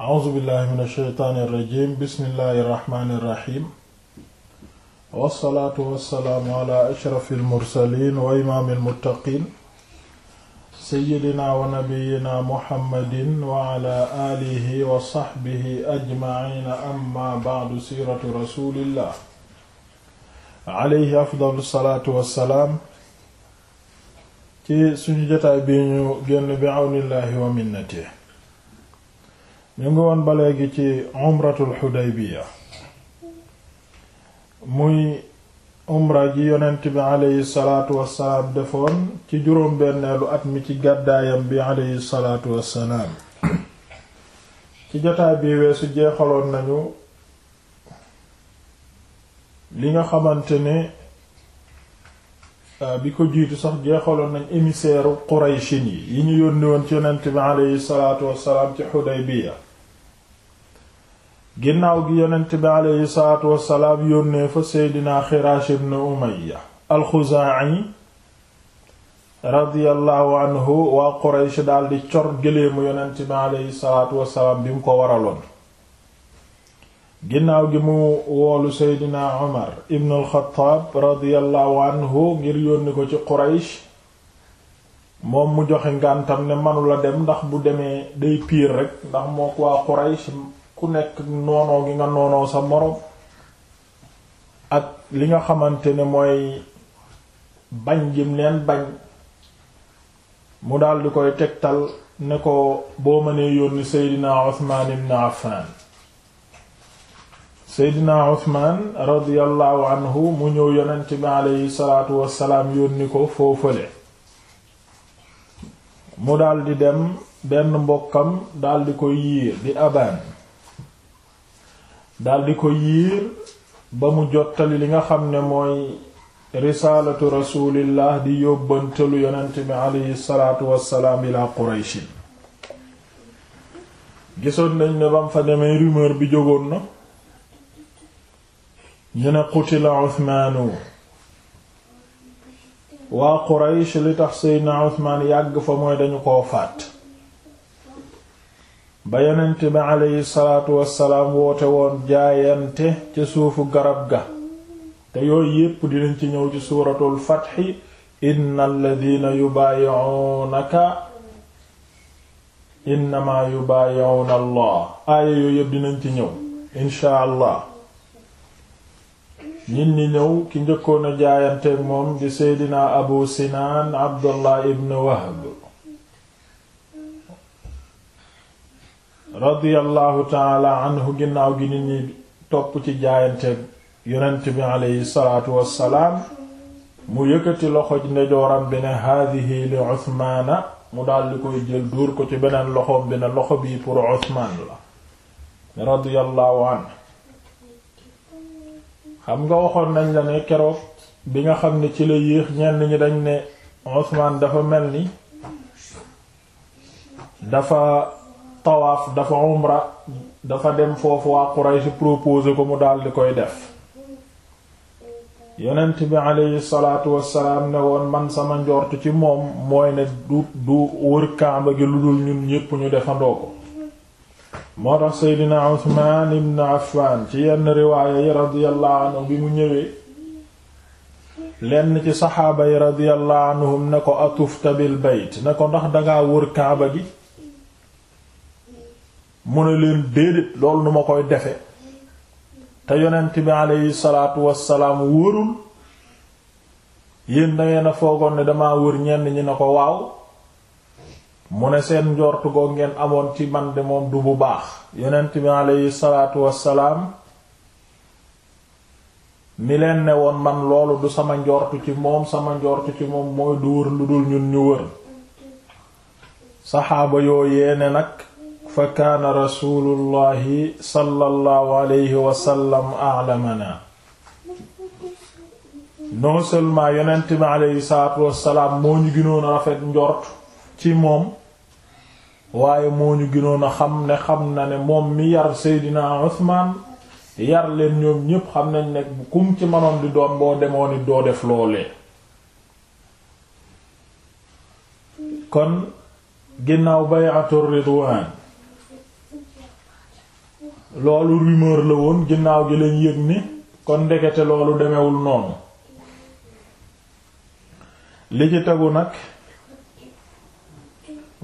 a'uuzu billahi min asheytaani irrajim bismillahi irrahmani irrahim wassalaatu wassalaamu ala ashrafi almursalin wa imaami almuttaqin seyidina wa nabiyina muhammadin wa ala aalihi wa saxbihi ajmaciina amma bacdu siiratu rasulillah alayhi afdalu salaatu wassalaam ci suñu jotaay bi ñu génn bi awnillahi wa minnatihi ñu ngi woon ba léegi ci umratul xudaybiya muy umra ji yonent bi aleyhi salaatu wassalaam defoon ci juróom benneelu at mi ci gàddaayam bi aleyhi salaatu wassalaam ci jotaay bi weesu jeexaloon nañu li nga xamante ne euh, bi ko jiitu sax jeexaloon nañ émissaire u Qurayshin yi yi ñu yónni woon ci yonent bi aleyhi salaatu wassalaam ci Xudaybiya ginnaaw gi yonent bi aleyhi salaatu wassalaam yónnee fa seydina xiraash ibn umaya alxuzaa'i radiyallahu anhu waa quraysh daldi cor gëleemu yonent bi aleyhi salaatu wassalaam bi mu ko waraloon ginnaaw gi mu woolu seydina umar ibn alxataab radiyallahu anhu ngir yónni ko ci quraysh moom mu joxe ngàntam ne manula dem ndax bu demee day piir rekk ndax moo ko waa quraysh ku nekk noonoo gi nga noonoo sa moroom ak li nga xamante ne mooy bañ jim leen bañ mu daldi di koy tegtal ne ko boo mënee yónni Seydina Usmaan ibn Affan Seydina Usmaan radiyallahu anhu mu ñëw yonent bi aleyhi salaatu wassalaam yónni ko foofale mu daldi dem benn mbokkam daldi koy yiir di abaan daldi ko yiir ba mu jottali li nga xam ne mooy risaalatu rasulillah di yóbbantalu yonent bi aleyhi salaatu wassalaam ila qurayshin gisoon nañ ne bam fa demee rumeur bi jógoon na ñu ne qutila Usmaanu waa Quraysh li tax Seydina Usmaan yàgg fa mooy dañu ko fàtt ba yonent bi aleyhi salaatu wassalaam woote woon jaayante ci suufu garab ga te yooyu yépp dinañ ci ñëw ci suuratul fatxi inna alladina yubaayi'uunaka innama yubaayi'uuna allah aaya yooyu yépp dinañ ci ñëw inshaa allah nit ñi ñëw ki njëkkoon a jaayanteeg moom di seydina abu sinaan abdullah ibn wahb radiyallahu taala anhu ginnaaw gi nit ñi topp ci jaayante yonent bi aleyhi salaatu wassalaam mu yëkkati loxo ndejooram bi ne haadihi li Usmaana mu daldi koy jël dóor ko ci beneen loxoom bi ne loxo bii pour Usmaan la radiyallahu anhu xam nga waxoon nañ la ne keroog bi nga xam ne ci la yéex ñenn ñi dañ ne Usmaan dafa mel ni dafa tawaaf dafa umra dafa dem foofu waa Quraysh proposé ko mu daal di koy def yonent bi aleyhi salaatu wassalaam ne woon man sama njort ci moom mooy ne du du wër kaamba gi lu dul ñun ñépp ñu defandoo ko moo tax seydina Usmaan ibn Affaan ci yenn riwaaya yi radiyallahu bi mu ñëwee lenn ci saxaaba yi radiyallahu anhum ne ko atufta bil bayt ne ko ndax dangaa wër kaaba gi mu ne leen déedéet loolu nu ma koy defe te yonent bi aleyhi salaatu wassalaam wërul yéen dangeen a foogoon ne dama wër ñenn ñi ne ko waaw mu ne seen njortu goo ngeen amoon ci man de moom du bu baax yonent bi aleyhi salaatu salaam mi leen ne woon man loolu du sama njortu ci moom sama njortu ci moom mooy du wër lu dul ñun ñu wër saxaaba yoo yeene nag fa kaana rasulullahi sallallahu alayhi wa sallam a'lamana non seulement yonent bi aleyhi salaatu wassalaam moo ñu gënoon a rafet njort ci moom waaye moo ñu gënoon xam ne xam na ne moom mi yar Seydina Usmaan yar leen ñoom ñépp xam nañ ne kum ci manoon di doon boo demoon it doo def loolee kon ginnaaw bay'atu ridwaan loolu rumeur la woon ginnaaw gi lañ yëg ni kon ndekete loolu demewul noonu li ci tegu nag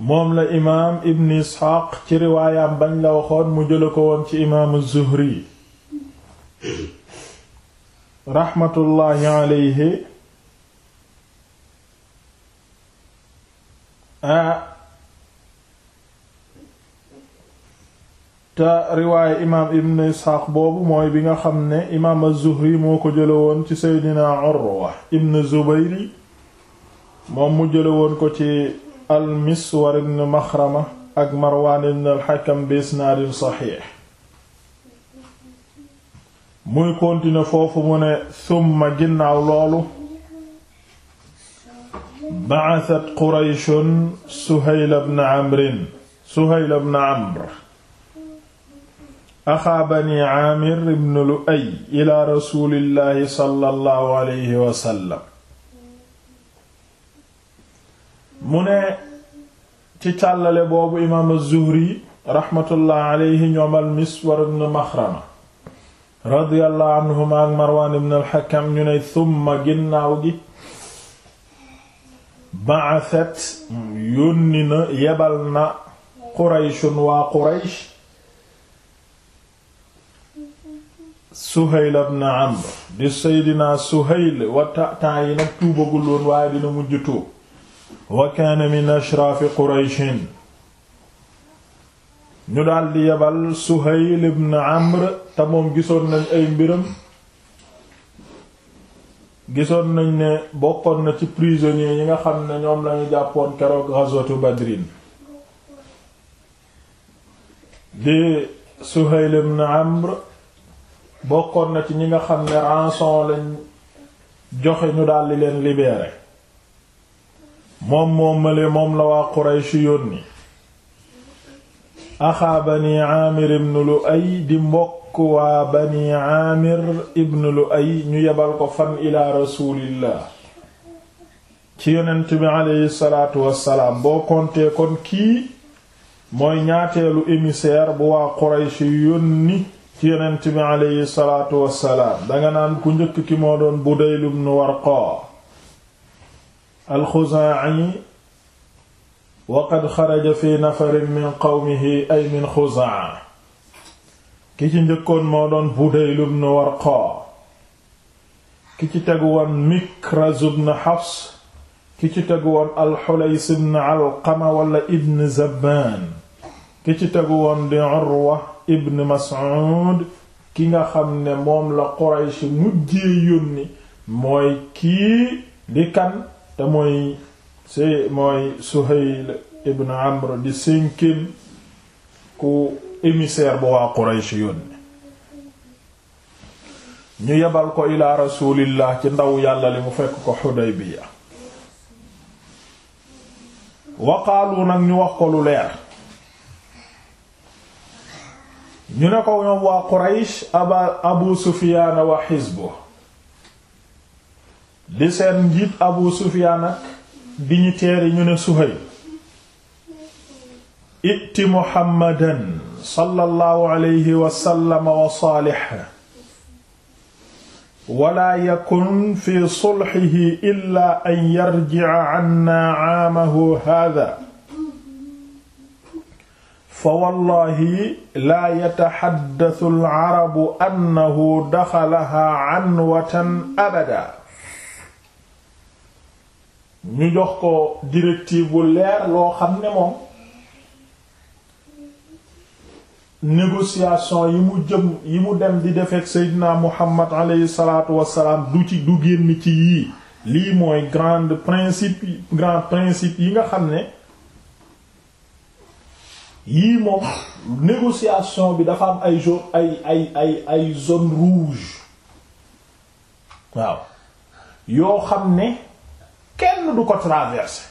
moom la imaam ibn isxaaq ci riwaayam bañ la waxoon mu jëla ko woon ci imaam zuhri raxmatullaahi alayhi a ah, te riwaaya imaam ibn isxaaq boobu mooy bi nga xam ne imaam az-zuhri moo ko jële woon ci seydina urwa ibn zubayri moom mu jële woon ko ci al-miswar ibn maxrama ak marwaan ibn al-hakam bi isnaadin saxiix muy continuer foofu mu ne summa ginnaaw loolu ba'athat qurayshun suhayl ibn amrin suhayl ibn amr axaa bani aamir ibn lu'ay ila rasulillahi sallallahu alayhi wa sallam mu ne ci càllale boobu imaam az-zuhri raxmatullah alayhi ñoom al-miswar ibn maxrama radiyallahu anhuma ak marwan ibn al-hakam ñu ne thumma ginnaaw gi ba'athat yónni na yebal na qurayshun waa quraysh Suhayl ibn Amr di Seydina Suhayl wa temps yi nag tuubagul woon waaye dina mujj tuub wa kaana min ashraafi Qurayshin ñu daldi yebal Suhayl Amr te moom gisoon nañ ay mbiram gisoon nañ ne bokkoon na ci prisonniers yi nga xam ne ñoom lañu jàppoon keroog ghazwatu Badrin di Suhayl Amr bokkoon na ci ñi nga xam ne rançon lañ joxe ñu daldi leen libéré moom moom male moom la waa Quraysh yónni axaa bani aamir ibn Lu'ay di mbokk waa bani aamir ibn Lu'ay ñu yebal ko fan ila rasulillah ci yonent bi aleyhi salaatu wassalaam boo kontee kon kii mooy ñaateelu émissaire bu waa Quraysh yónni ci yonent bi aleyhi salaatu wassalaam danga naan ku njëkk ki moo doon Budayl ibn Warqa al-Xuzaa'i wa qad xaraja fi nafarin min qawmihi ay min Xuzaa ki ci njëkkoon moo doon Budayl ibn Warqa ki ci tegu woon Mikraz ibn Hafs ki ci tegu woon al-Hulays ibn Alqama wala ibn Zabbaan ki ci tegu woon di Urwa ibn Mas'ud ki nga xam ne moom la Quraysh mujjee yónni mooy kii di kan te mooy si mooy Suhayl ibn Amr di cinquième ku émissaire bu waa Quraysh yónni ñu yebal ko ilaa rasulillah ci ndaw yàlla li mu fekk ko Xudaybiya waqaalu nag ñu wax ko lu leer ñu ne ko ñoom waa Quraysh aba Abu Sufyaan wa xisbu di seen njiit Abu Sufyaan ak dignitaires yi ñu ne Suhayl itti Muhammadan sallallahu alayhi wa sallam wa saalih wala yakun fi sulhihi illa an yarji'a anna aamahu haadha fa wallahi laa yataxaddasu alcarabu annahu daxalaha anwatan abada ñu jox ko directive bu leer loo xam ne moom négociation yi mu jëm yi mu dem di defeek seydina muhammad aleyhi salaatu wassalaam du ci du génn ci yii lii mooy grand principe grand principe yi nga xam ne yii moom négociation bi dafa am ay zone ay ay ay ay zone rouge waaw yoo xam ne kenn du ko traversé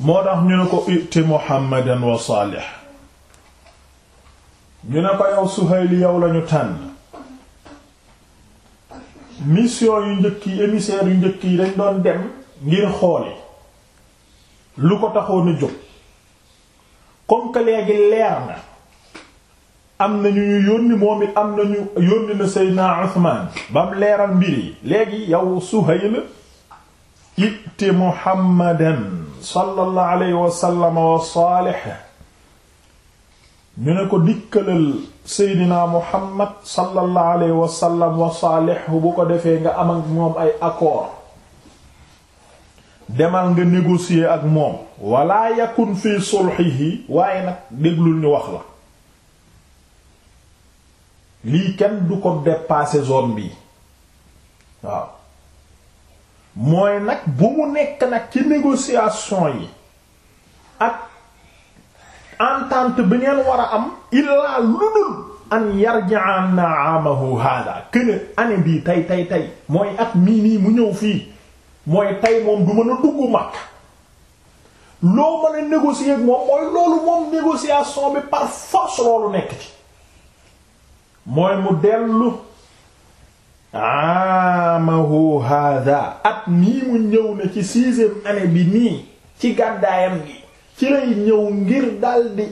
moo tax ñu ne ko itti Muhammadan wa Salih ñu ne ko yow Suhayli yow lañu tànn mission yu njëkk yi émissaires yu njëkk yi dañ doon dem ngir xooli lu ko taxoon a jóg comme que léegi leer na am na ñu ñu yónni moom it am na ñu yónni na Seydina Usmaan ba leeral mbir yi léegi yow Suhayl itti Muhammadan sallallahu alayhi wa sallam wa saalihi ñu ne ko dikkalal Seydina Muhammad sallallahu alayhi wa sallam bu ko defee nga am ak moom ay accord demal nga négocier ak moom wala yakun fi sulhihi waaye nag déglul ñu wax la lii kenn du ko dépasser zone bi waaw mooy nag bu mu nekk nag ci négociation yi ak entente bi ngeen war a am illaa ludul an yarji'a na'amahu hada kuene année bii tey tey tey mooy at mii nii mu ñëw fii mooy tey moom du mën a dugg Makka loo mën a négocier ak moom loolu moom négociation bi par loolu nekk ci mooy mu dellu amahu hada at nii mu ñëw ne ci sixième année bi nii ci gàddaayam gi ci lay ñëw ngir daldi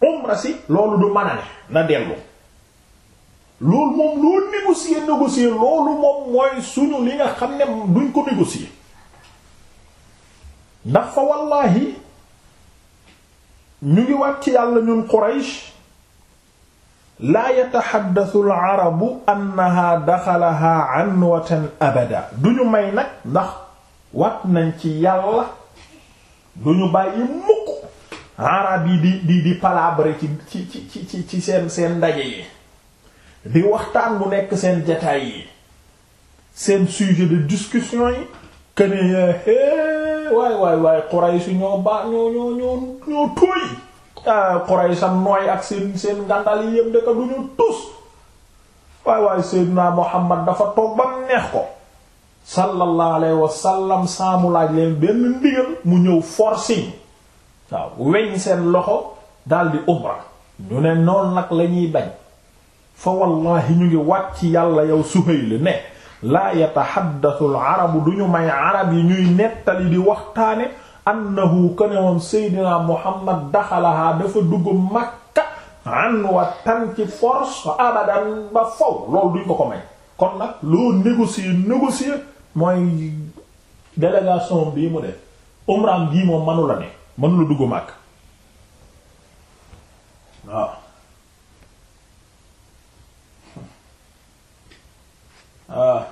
umra si loolu du mën a ne na dellu loolu moom loo négocier négocier loolu moom mooy suñu li nga xam ne duñ ko négocier ndax fa wallaahi ñu ngi ci yàlla ñun Quraysh laa yataxaddasu al-arabu annaha daxalaha anwatan abada duñu may nag ndax wat nañ ci yàlla duñu bàyyi mukk arab yi di di di ci ci ci ci ci seen seen ndaje yi di waxtaan bu nekk seen jataay yi seen sujet de discussion yi kene yaa eh, waay waay waay Quraysh ñoo baax ñoo ñoo ñoo ñoo tóoy ah, Quraysh nooy ak seen seen ngàndal yi yëpp daka du ñu tus waay waay Seydina Muhammad dafa toog ba neex ko sallallahu alayhi wa sallam laaj leen benn ndigal mu ñëw forcing waaw weñ seen loxo daldi umra ñu ne noonu nag lañuy bañ fa wallahi ñu ngi wàcc yàlla yow Suhayl ne laa yataxaddasu al arabu du ñu may arab yi ñuy nettali di waxtaane annahu kanawam seydina muhammad daxalahaa dafa dugg makka an wa tan ci force abadan ba faw loolu duñ ko ko may kon nag loo négocier négocier mooy délégation bii mu def umraam gii moom manu ne mënu dugg makka waaw waaw ah.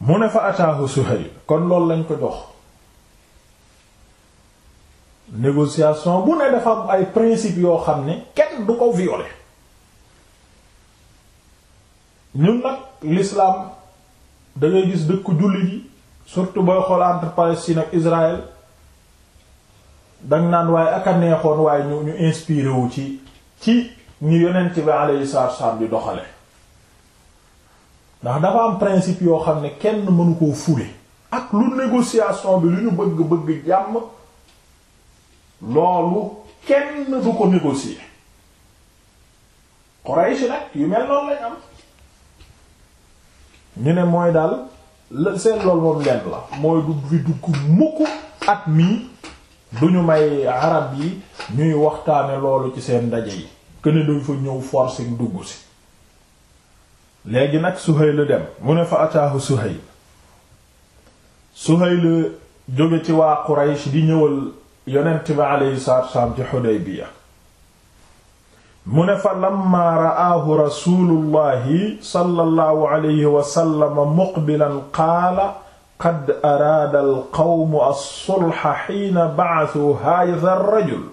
mu ne fa ataahu Suhayl kon loolu lañ ko jox négociation bu ne dafa am ay principe yoo xam ne kenn du ko violer ñun nag l'islam da gis dëkku jullit yi surtout booy xool entre Palestine ak Israël danga naan waaye ak neexoon waaye ñu ñu inspiré wu ci ci ñu yonent bi alayhi salaatu wassalaam di doxale ndax dafa am principe yoo xam ne kenn mënu koo fule ak lu négociation bi lu ñu bëgg-bëgg jàmm loolu kenn du ko négocier Quraysh nag yu mel noonu lañ am ñu ne mooy daal seen loolu moom lenn la mooy du fi dugg mukk at mii duñu may arab yi ñuy waxtaane loolu ci seen ndaje yi que fa ñëw force dugg si léegi nag Suhayl dem mu ne fa ataahu Suhayl Suhayl jóge ci waa Quraysh di ñëwal yonent bi aleyhi salaatu wasalaam ci Xudaybiya mu ne fa lamma ra'aahu rasuulullahi sallallahu alayhi wa sallam muqbilan qaala qad araada alqawmu as-sulha hiina ba'athuu haadha ar-rajul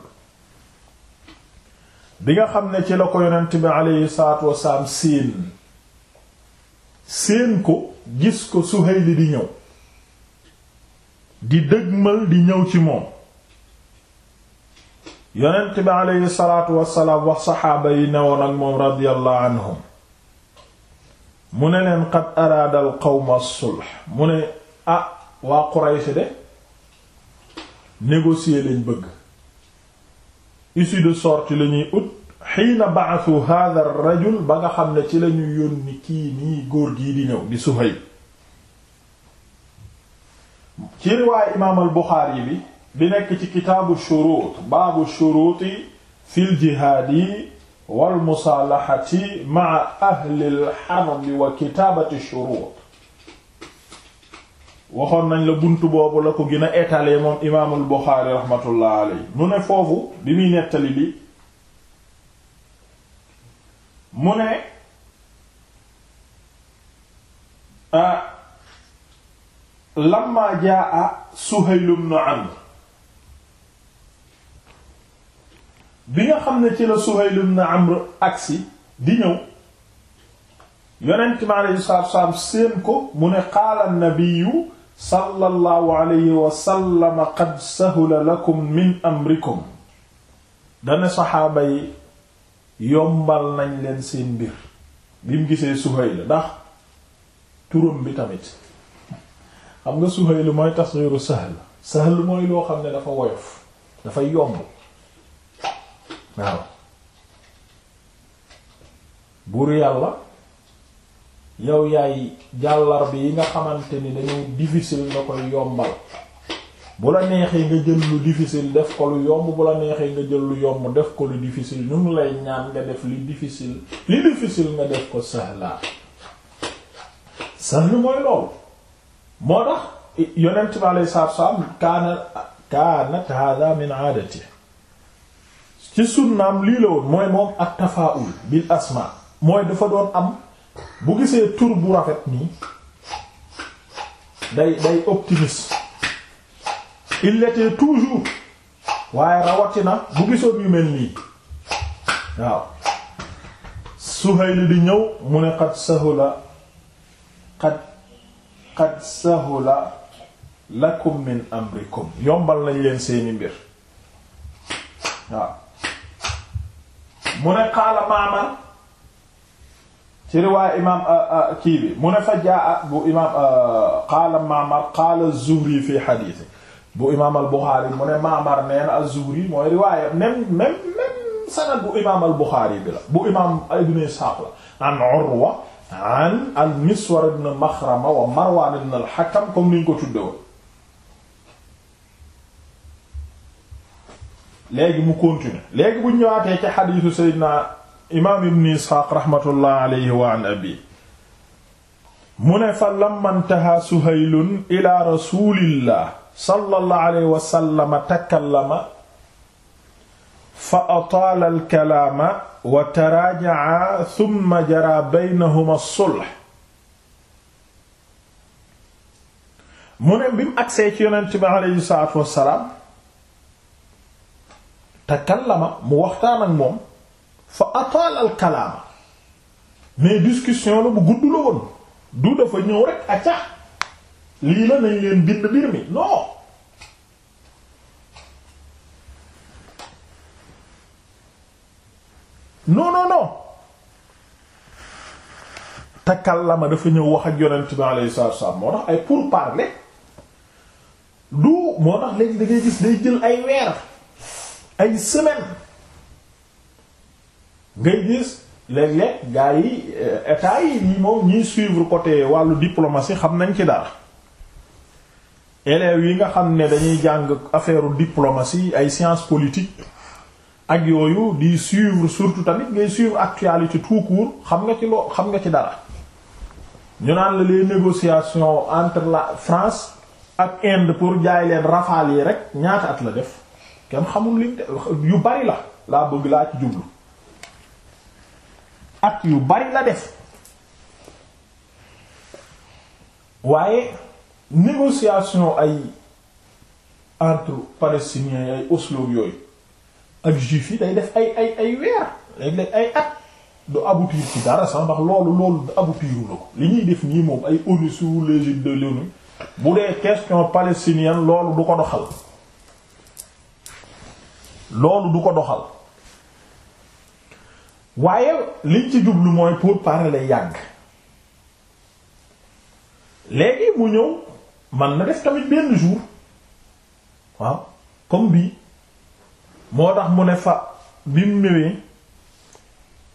bi nga xam ne ci la ko yonent bi aleyhi salaatu wasalaam séen séen ko gis ko Suhayli di ñëw di dëgmal di ñëw ci moom yonent bi aleyhi salaatu wasalaam wax saxaaba yi newoon ak moom radiyallahu anhum mu ne leen qad araada al qawma sulh mu ne ah waa Quraysh de négocier lañ bëgg issue de sorte la ñuy ut xiina ba'athu hadha ar-rajul ba nga xam ne ci la ñu yónni kii nii góor gii di ñëw di Suhayb ci riwaay imaam al-Buxaari bi bi nekk ci kitaabu shuruut baabu shuruuti fil jihaadi wal musaalahati ma'a ahli al-harbi wa kitaabati shuruut waxoon nañ la bunt boobu la ko gën a étaler moom imaamul Buxaari rahmatullah aley mu ne foofu bi muy nettali bi mu ne ah lamma jaa Suhayl ibn Amr bi nga xam ne ci la Suhayl ibn Amr agsi di ñëw yonent mi aleyhi seen ko mu ne qaala nabiyu sallallahu alayhi wa sallam qad sahula lakum min amrikum dana saxaaba yi yombal nañ leen seen mbir bi mu gisee Suhayl ndax turam bi tamit xam nga Suhayl mooy tasxiiru sahl sahl mooy loo xam ne dafa woyof dafay yomb waaw buur yàlla yow yaay jàllar bi yi nga xamante ni dañuy difficile nga koy yombal bu la neexee nga jël lu difficile def ko lu yomb bu la neexee nga jël lu yomb def ko lu difficile ñu ngi lay ñaan nga def li difficile li difficile nga def ko sahla sahl mooy loolu moo tax yonent bi alei saatu salaam kaana kaanat min aadati ci sunnaam lii la woon mooy moom ak tafaul bil asma mooy dafa doon am bu gisee tur bu rafet nii day day optimiste il l'était toujours waaye rawatina bu gisoon yu mel nii waaw Suhayl di ñëw mu ne qad sahula qad qad sahula lakum min amrikum yombal nañ leen seeni mbir waaw mu ne qaala Ma'mar ci riwaaya imaam euh, euh, kii bi mu ne fa jaa bu imaam euh, qaala Ma'mar qaala Zuhri fi xadiisi bu imaam al Buxaari mu ne Ma'mar nee na az-Zuhri mooy riwaaya même même même sanad bu imaam al Buxaari bi la bu imaam Ibn Isxaaq la an Urwa an al-Miswar ibn Maxrama wa Marwaan ibn al-Hakam comme ni ñu ko tudde woon léegi mu continuer léegi bu ñëwaatee ci xadiisu Seydina imaam ibn isxaaq raxmatullah alayhi wa an abi mu ne fa lamantaha suhaylun ila rasulillah sallallahu alayhi wa sallam takallama fa ataala alkalaama wa taraajaca thumma jara baynahuma as-sulh mu ne bi mu agsee ci yonent bi alayhi salaatu wassalaam takallama mu waxtaan ak moom fa atal al kalaama mais discussion la bu gudd la woon du dafa ñëw rekk acca lii la nañ leen bind mbir mi non non non non takallama dafa ñëw wax ak yonent bi alayhi salaatu wasallam moo tax ay pourparlers du moo tax léegi da gis day jël ay weer ay semaines ngay gis léeg-léeg gars yi euh, état yi ñi moom ñiy suivre côté wàllu diplomatie xam nañ ci dara élèves yi nga xam ne dañuy jàng affaire diplomatie ay sciences politiques ak yooyu di suivre surtout tamit ngay suivre actualité tout court xam nga ci loo xam nga ci dara ñu naan la les négociations entre la France ak Inde pour jaay leen yi rek ñaata at la def kenn xamul liñ yu bari la laa bëgg laa ci jublu at yu bari la def waaye négociation ay entre palestiniens ay Oslo yooyu ak juif yi day def ay ay ay weer léeg-léeg ay at du aboutir ci dara sax ndax loolu loolu du aboutiru na ko li ñuy def nii moom ay ONU sous l'égide de l'ONU bu dee question palestinienne loolu du ko doxal loolu du ko doxal waaye liñ ci jublu mooy pour parler yàgg léegi mu ñëw man na def tamit benn jour waaw comme bii moo tax mu ne fa bi mu ñëwee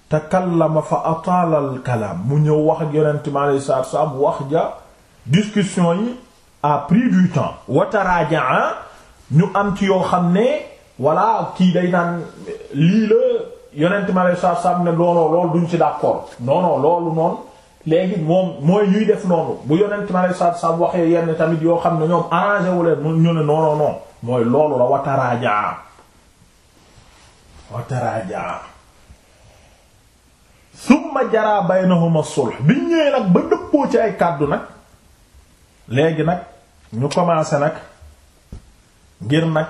takallama fa ataala al kalaam mu ñëw wax ak yonent mi alayhi salaatu salaam wax ja discussion yi a pris du temps watarajaa ñu am ci yoo xam ne walla kii day naan lii la yonent ma lay saa saam ne looloo loolu duñ ci d'accord non loolu noonu léegi moom mooy ñuy def noonu bu yonent ma lay saa saam waxee yenn tamit yoo xam ne ñoom arrangé wu leen ñu ne non non mooy loolu la wataraaja wataraaja summa jaraa baynahuma sulh bi ñëwee nag ba dëppoo ci ay kàddu nag léegi nag ñu commencé nag ngir nag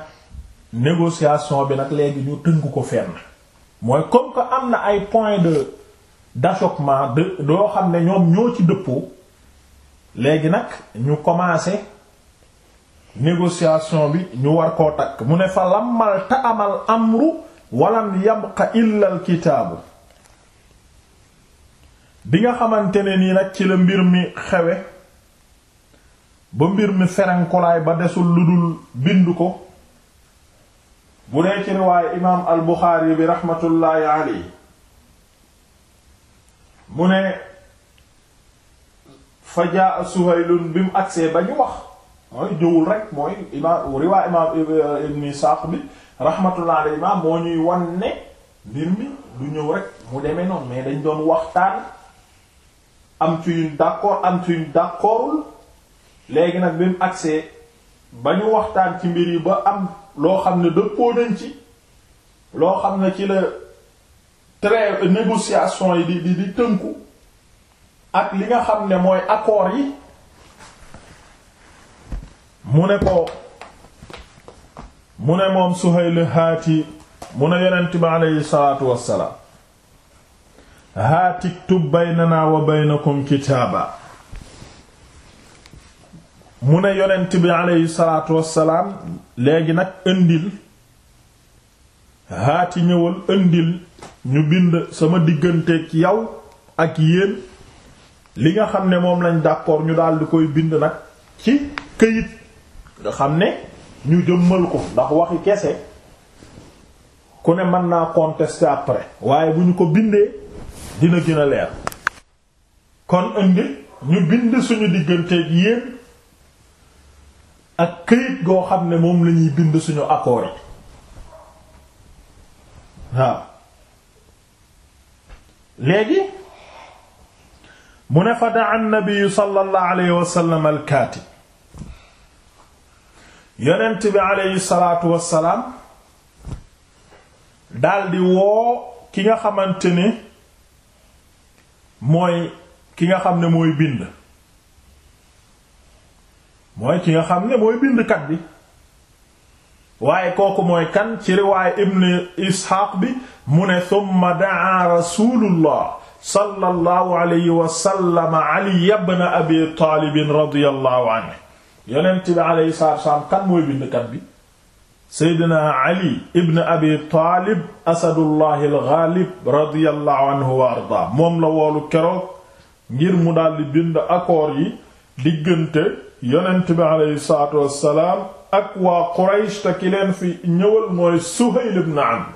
négociation bi nag léegi ñu tënk ko fenn. mooy comme que am na ay point de d'achoppement de doo xam ne ñoom ñoo ci dëppoo léegi nag ñu commencé négociation bi ñu war koo takk mu ne fa lammal ta amal amru walam yabqa illa al kitaabu bi nga xamante ne nii nag ci la mbir mi xewe ba mbir mi ferenkolaay ba desul lu dul bind ko bu dee ci riwaaye imaam al buxaari bi raxmatullaahi alayhi mu ne fa jaa suhaylun bi mu agsee ba ñu wax mooy ñëwul rek mooy imaam riwaaye imaam ibn Isaaq bi raxmatullaahi alayhi imaam moo ñuy wan ne mbir mi du ñëw rek mu deme noonu mais dañ doon waxtaan am ci yuñ d'accord am ci yuñ d'accordul léegi nag bi mu agsee ba ñu waxtaan ci mbir yi ba am loo xam ne dëppoo nañ ci loo xam ne ci la trêve négociation yi di di di tënku ak li nga xam ne mooy accord yi mu ne ko mu ne moom Suhayl haati mu ne yonent bi aleyhi salaatu wassalaam haati tub baynana wa baynakum kitaaba mu ne yonent bi aleyhi salaatu wassalaam léegi nag indil haati ñëwal indil ñu bind sama digganteeg yow ak yéen li nga xam ne moom lañ d'accord ñu daal di koy bind nag ci këyit nga xam ne ñu jëmmal ko ndax waxi kese ku ne mën naa contester après waaye bu ñu ko bindee dina gën a leer kon indi ñu bind suñu digganteeg yéen ak këyit goo xam ne moom lañuy bind suñu accord yi waaw léegi mu ne fa daa annabi sallallahu alayhi wa sallam alkaatib yonent bi alayhi salaatu wassalaam daldi woo ki nga xamante ne mooy ki nga xam ne mooy bind mooy ki nga xam ne mooy bindkat bi waaye kooku mooy kan ci riwaaya ibn isxaaq bi mu ne thumma daa rasulullah sallallahu alayhi wa sallam ali ibn abi taalib radiyallahu anhu yonent bi alayhi salaatu salaam kan mooy bindkat bi seydina ali ibn abi taalib asadullahi alghalib radiyallahu anhu ardaa moom la woolu keroog ngir mu daldi bind accord yi diggante yonent bi salaatu wassalaam ak waa Quraysh te ki fi ñëwal mooy Suhayl ibn Amr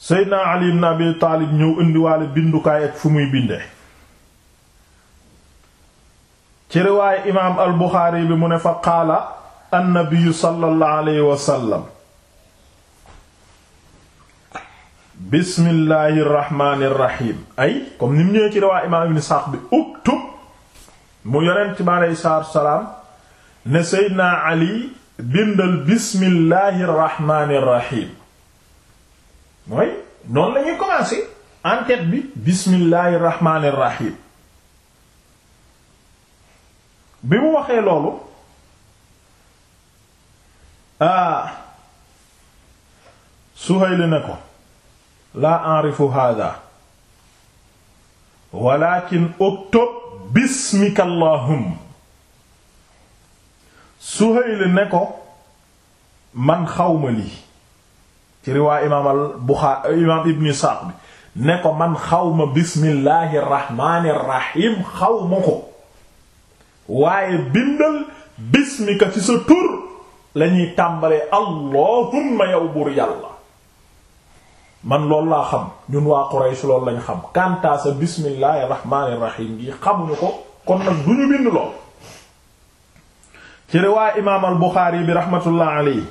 Seydina Ali ibn Abi Taalib ñëw indiwaale bindukaay ak fu muy binde ci riwaaya imaam al Buxaari bi mu ne fa qaala annabiyu sallallahu alayhi wa sallam bismillahi rrahmani rrahim ay comme ni mu ñëwee ci riwaa imaam ibn Sa'd bi uktub mu yonent bi aleyhi salaatu wassalaam ne Seydina Ali bindal bismillahi rrahmani rrahim mooy noonu la ñuy commencer bi bismillahi rrahmani rrahim bi mu waxee loolu ah Suhayl ne ko laa aarifu hada walakin uktub bismika allahum Suhayl ne ko man xawma lii ci riwaa imaam ibn Isaaq ne ko man xawma bismillahi rahmaani rahim ko waaye bindal bismika ci sa tur lañuy tàmbalee allahumma yow buur man loolu laa xam ñun waa Quraysh loolu lañ xam kanta sa bismillahir rahmanir rahim gi xamuñu ko kon nag duñu bind lool ci riwaaya imaam al Buxaari bi rahmatullah alayhi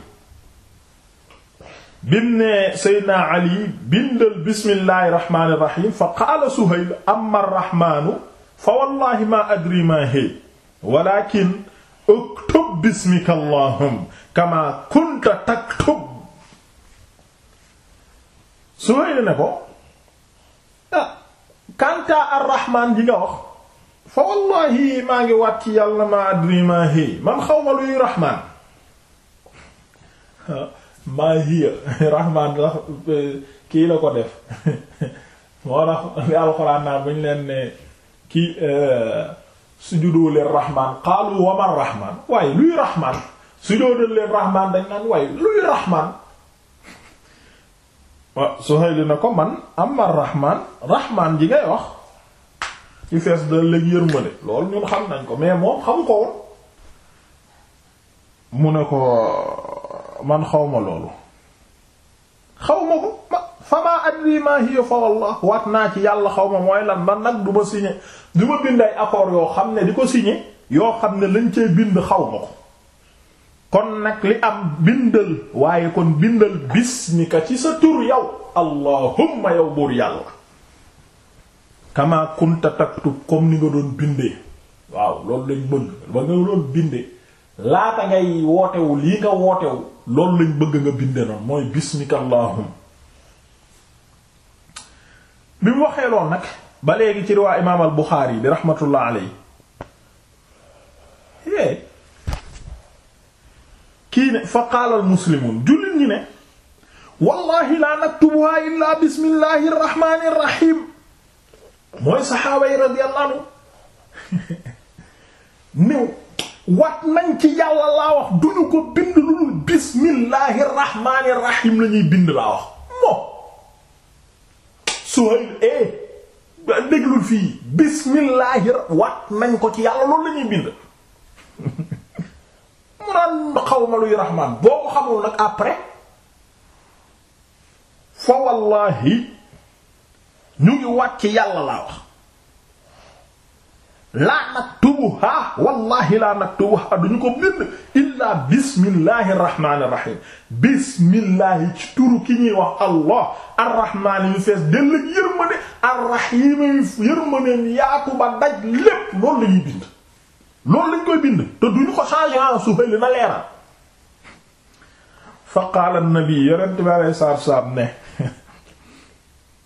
bim ne Seydina Ali bindal bismillahir rahmanir rahim fa qaala Suhayl amma ar-rahmaanu fa wallahi ma adri ma hiya walakin uktub bismika allahumma kama kunta taktub Suhayl ne ko ah kanta ji nga wax fa wallahi maa ngi ci yàlla ma adri ma hiya man xawma luy Rahmaan ma hiya Rahmaan la eh, kii la ko def moo tax li alxuraan naa bu ñu leen ne kii eh, sujudu leen Rahmaan qaalu wa man Rahmaan waaye luy Rahmaan sujudu leen Rahmaan dañ naan waaye luy Rahmaan waaw Suhayl na ko man amma rahmaan rahmaan ji ngay wax ci fees da léeg yërmande loolu ñun xam nañ ko mais moom xam ko woon mu ne ko man xawma loolu xawma ko fama adri ma hiya fa wallah waat naa ci yàlla xaw ma mooy lan man nag du ma signé du ma bind ay yoo xam ne di ko signé yoo xam ne lañ cee bind xaw ma ko kon nag li am bindal waaye kon bindal bismika ci sa tur yow allahumma yow buur yàlla kama kunta taktub ni nga doon bindee waaw loolu lañ bëgg ba nga doon bindee laata ngay wootewu lii nga wootewu loolu lañ bëgg nga binde noonu mooy bismika allahumma bi mu waxee lool nag ba léegi ci riwaa imaam al Buxaari bi rahmatullah alayhi kii ne fa qaala al muslimun jullit ñi ne wallahi laa naktubuha illaa bismillahi rrahmani rrahim mooy saxaaba yi radiyallahu anhu wat nañ ci yàlla laa wax duñu ko bind lu dul bismillahi rrahmani rrahim la ñuy bind laa wax moo Suhayl eh déglul fii bismillahi wat nañ ko ci yàlla loolu la mu naan xaw ma ñu ngi wàcc yàlla laa naktubuha wallaahi laa naktubuha duñu ko bind illaa bismillahi irrahmani irrahim bismillahi ki ñuy wax allah arrahmaani fees dell ak yërmande arrahim yërmandeem yaatu ba daj loolu la ñuy loolu lañ koy bind te duñu ko changé ah, Suhayl na leeral fa qaala an-nabi yonent bi alayhi ne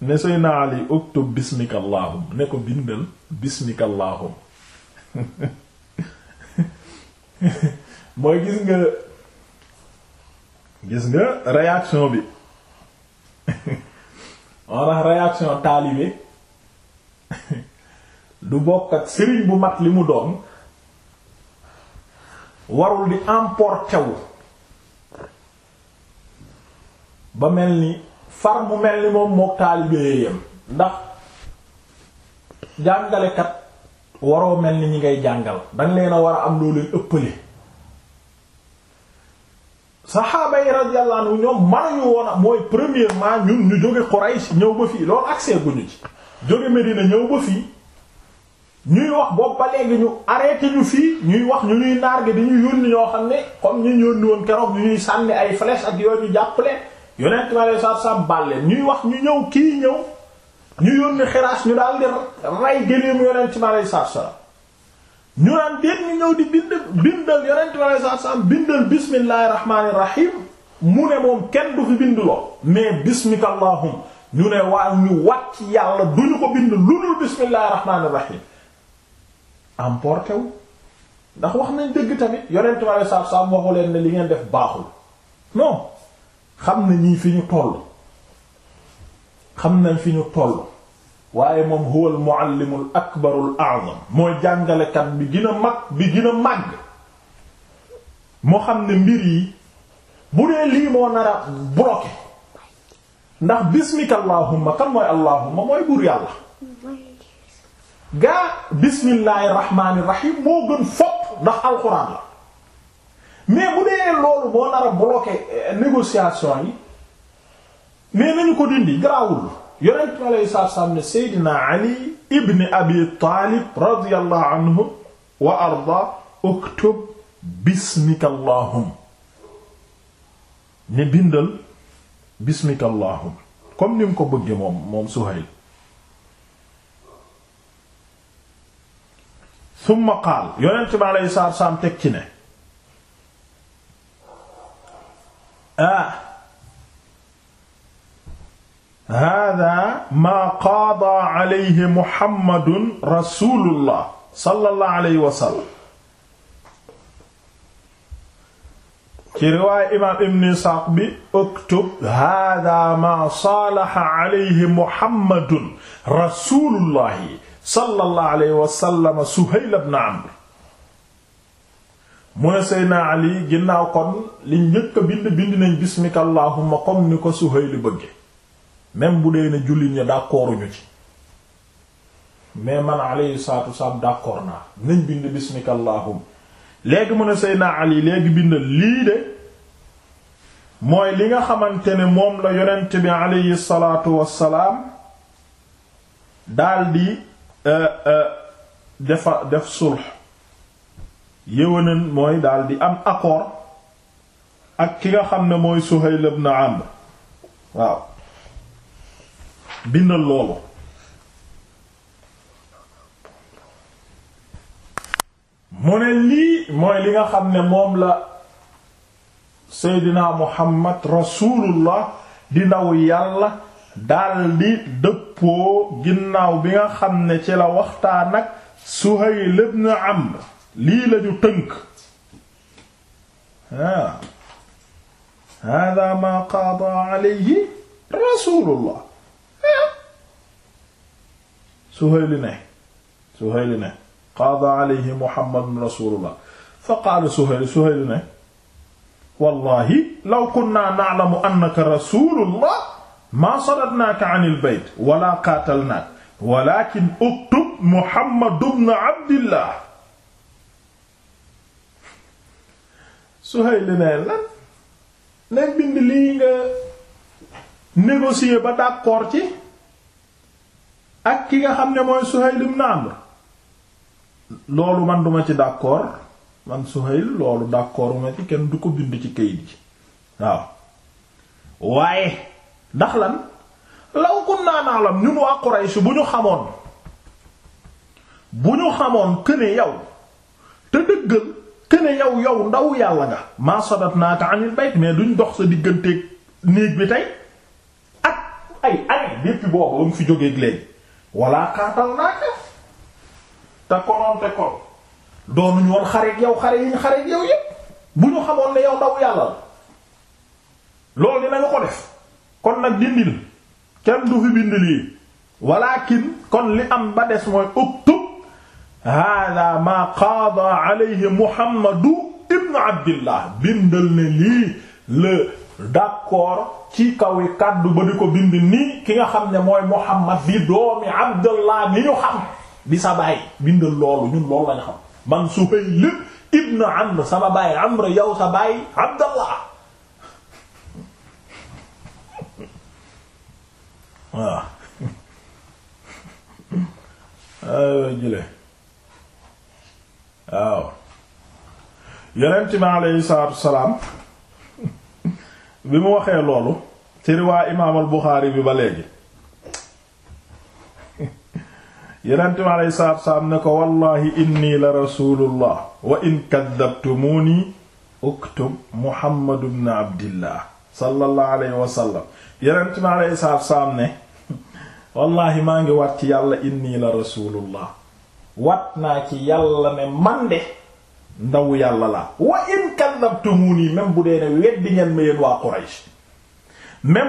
ne Seydina Ali uktub bismika allahum ne ko bindal bismika allahum gis nga gis nga réaction bi on a réaction taalibe du bokk ak sëriñ bu mat li mu doon warul di emporté wu ba mel ni far mu mel ni moom mook taalibee yam ndax jàngalekat waroo mel ni ñi ngay jàngal danga leen a war a am loo leen ëppale saxaaba yi radiyallahu anhu ñoom mënuñu woon a mooy premièrement ñun ñu jóge Quraysh ñëw ba fii loolu accès guñu ci jóge Medina ñëw ba fii ñuy wax boobu ba léegi ñu arrêté ñu fii ñuy wax ñu ñuy di dañuy yónni ñoo xam ne comme ñu yónni woon keroog ñu ñuy sànni ay flèche ak yooyu ñu jàppale yonent bi alei satu salaam ñuy wax ñu ñëw kii ñëw ñu yónni xiraas ñu daal di rey géléemu yonent bi alei satu ñu naan déet ñu ñëw di bind bindal yonent bi alei satu salaam bindal bismillahi rahmaani rahim mu ne moom kenn du fi bind loo mais bismika allahum ñu ne waa ñu wàcc yàlla duñu ko bind lu dul bismillahi rahmaani rahim emporté wu ndax wax nañ dëgg tamit yonentu Yàlla saab saab waxu leen ne li ngeen def baaxul non xam na ñii fi ñu toll xam nañ fi ñu toll waaye moom huwa al muallimu al akbar mooy jàngalekat bi gën a mag bi gën a màgg moo xam ne mbir yi bu dee lii moo nar a ndax bismika allahumma kan mooy allahumma mooy buur yàlla gaa bismillahi rahmaani rahim moo gën fopp ndax alxuraan la mais bu dee loolu boo nar a bloqué eh, négociation yi mais nañu ko dindi garaawul yonent salaam ne Seydina Ali ibn Abi Taalib radiyallahu anhu wa arda uktub bismika ne bindal bismika allahum ni mu ko moom Suhayl summa qaal yonent bi alayhi salaatu salaam teg ci ne ah hada maa qaada alayhi muhammadun rasulullah sallallahu alayhi wa sallam ci riwaaya imaam ibn Isxaaq bi uktub hada maa saalaha alayhi muhammadun rasulullahi sallallahu alayhi wa sallam Suhayl ibn Amr mu ne Seydina Ali ginnaaw kon li njëkk a bind bind nañ bismika allahumma ni ko Suhayl bëgge même bu dee ne jullit ña d'accorduñu ci mais man alayhi salaatu wasalaam d'accord naa nañ bind bismika léegi mu ne Seydina Ali léegi bind lii de mooy li nga xamante ne moom la yonent bi alayhi salaatu wasalaam daldi Euh, euh, defa def sulh yëwënan mooy daal di am accord ak ki nga xam ne mooy Suhayl ibn Amr waaw bindal loolu mu ne lii mooy li nga xam ne moom la Seydina Muhammad rasulullah di ndaw yàlla daldi dëppoo ginnaaw bi nga xam ne ci la waxtaan ak Suhayl ibn Amr lii la ñu tënk ah hada ma qaada alayhi rasulullah ah. Suhayl ne Suhayl ne qaada alayhi Muhammadun rasulullah fa qaala Suhayl Suhayl ne wallahi law kunna na'lamu annaka rasulullah maa sadatnaaka an il bayt wala qaatalnaak walakin uktub muhammadu bnu abdillah Suhayl ne lan bind lii nga négocier ba d'accord ci ak ki nga xam ne mooy Suhayl ibn loolu man duma ci d'accord man Suhayl loolu d'accorduma ci kenn du ko bind ci kayit ji waaw waaye ndax lan law kunnaa na'lam ñun waa Quraysh bu ñu xamoon bu ñu xamoon que ne yow te dëggal que ne yow ndaw yàlla nga. maa sadatnaaka 'anil bayt mais duñ dox sa digganteeg néeg bi tey ak ay année depuis boobu ba fi jógee léegi wala xaatal naaka te konoon te kon doonuñu yiñ xareeg yow yépp bu ñu xamoon ne yow ndaw yàlla la loolu dinañu ko def. kon nag dindil kenn du fi bind lii walakin kon li am ba des mooy uktub hada maa qaada alayhi muhammadu ibnu abdillah bindal ne lii la d'accord ci kaw yi kàddu ba di ko bind nii ki nga xam ne mooy muhammad di doomi abdullah ni ñu xam di sa baay bindal loolu ñun loolu lañu xam man suhayl ibnu amr sama baay amr yow sa baay abdullah waaw ay jële waaw yonent bi aleyhi salaatu salaam bi mu waxee loolu ci riwaa imaamal Buxaari bi ba léegi yonent bi aleyhi salaatu salaam ne ko wallahi inni la rasulullah wa in kaddabtumuuni uktum Muhammadu bnu Abdillah sallallahu alayhi wa sallam yonent bi aleyhi salaatu salaam ne wallahi maa ngi wat ci yàlla inni la rasulullah wat naa ci yàlla ne man de ndaw yàlla laa wa in kadabtumuni même bu dee ne weddi ngeen ma yéen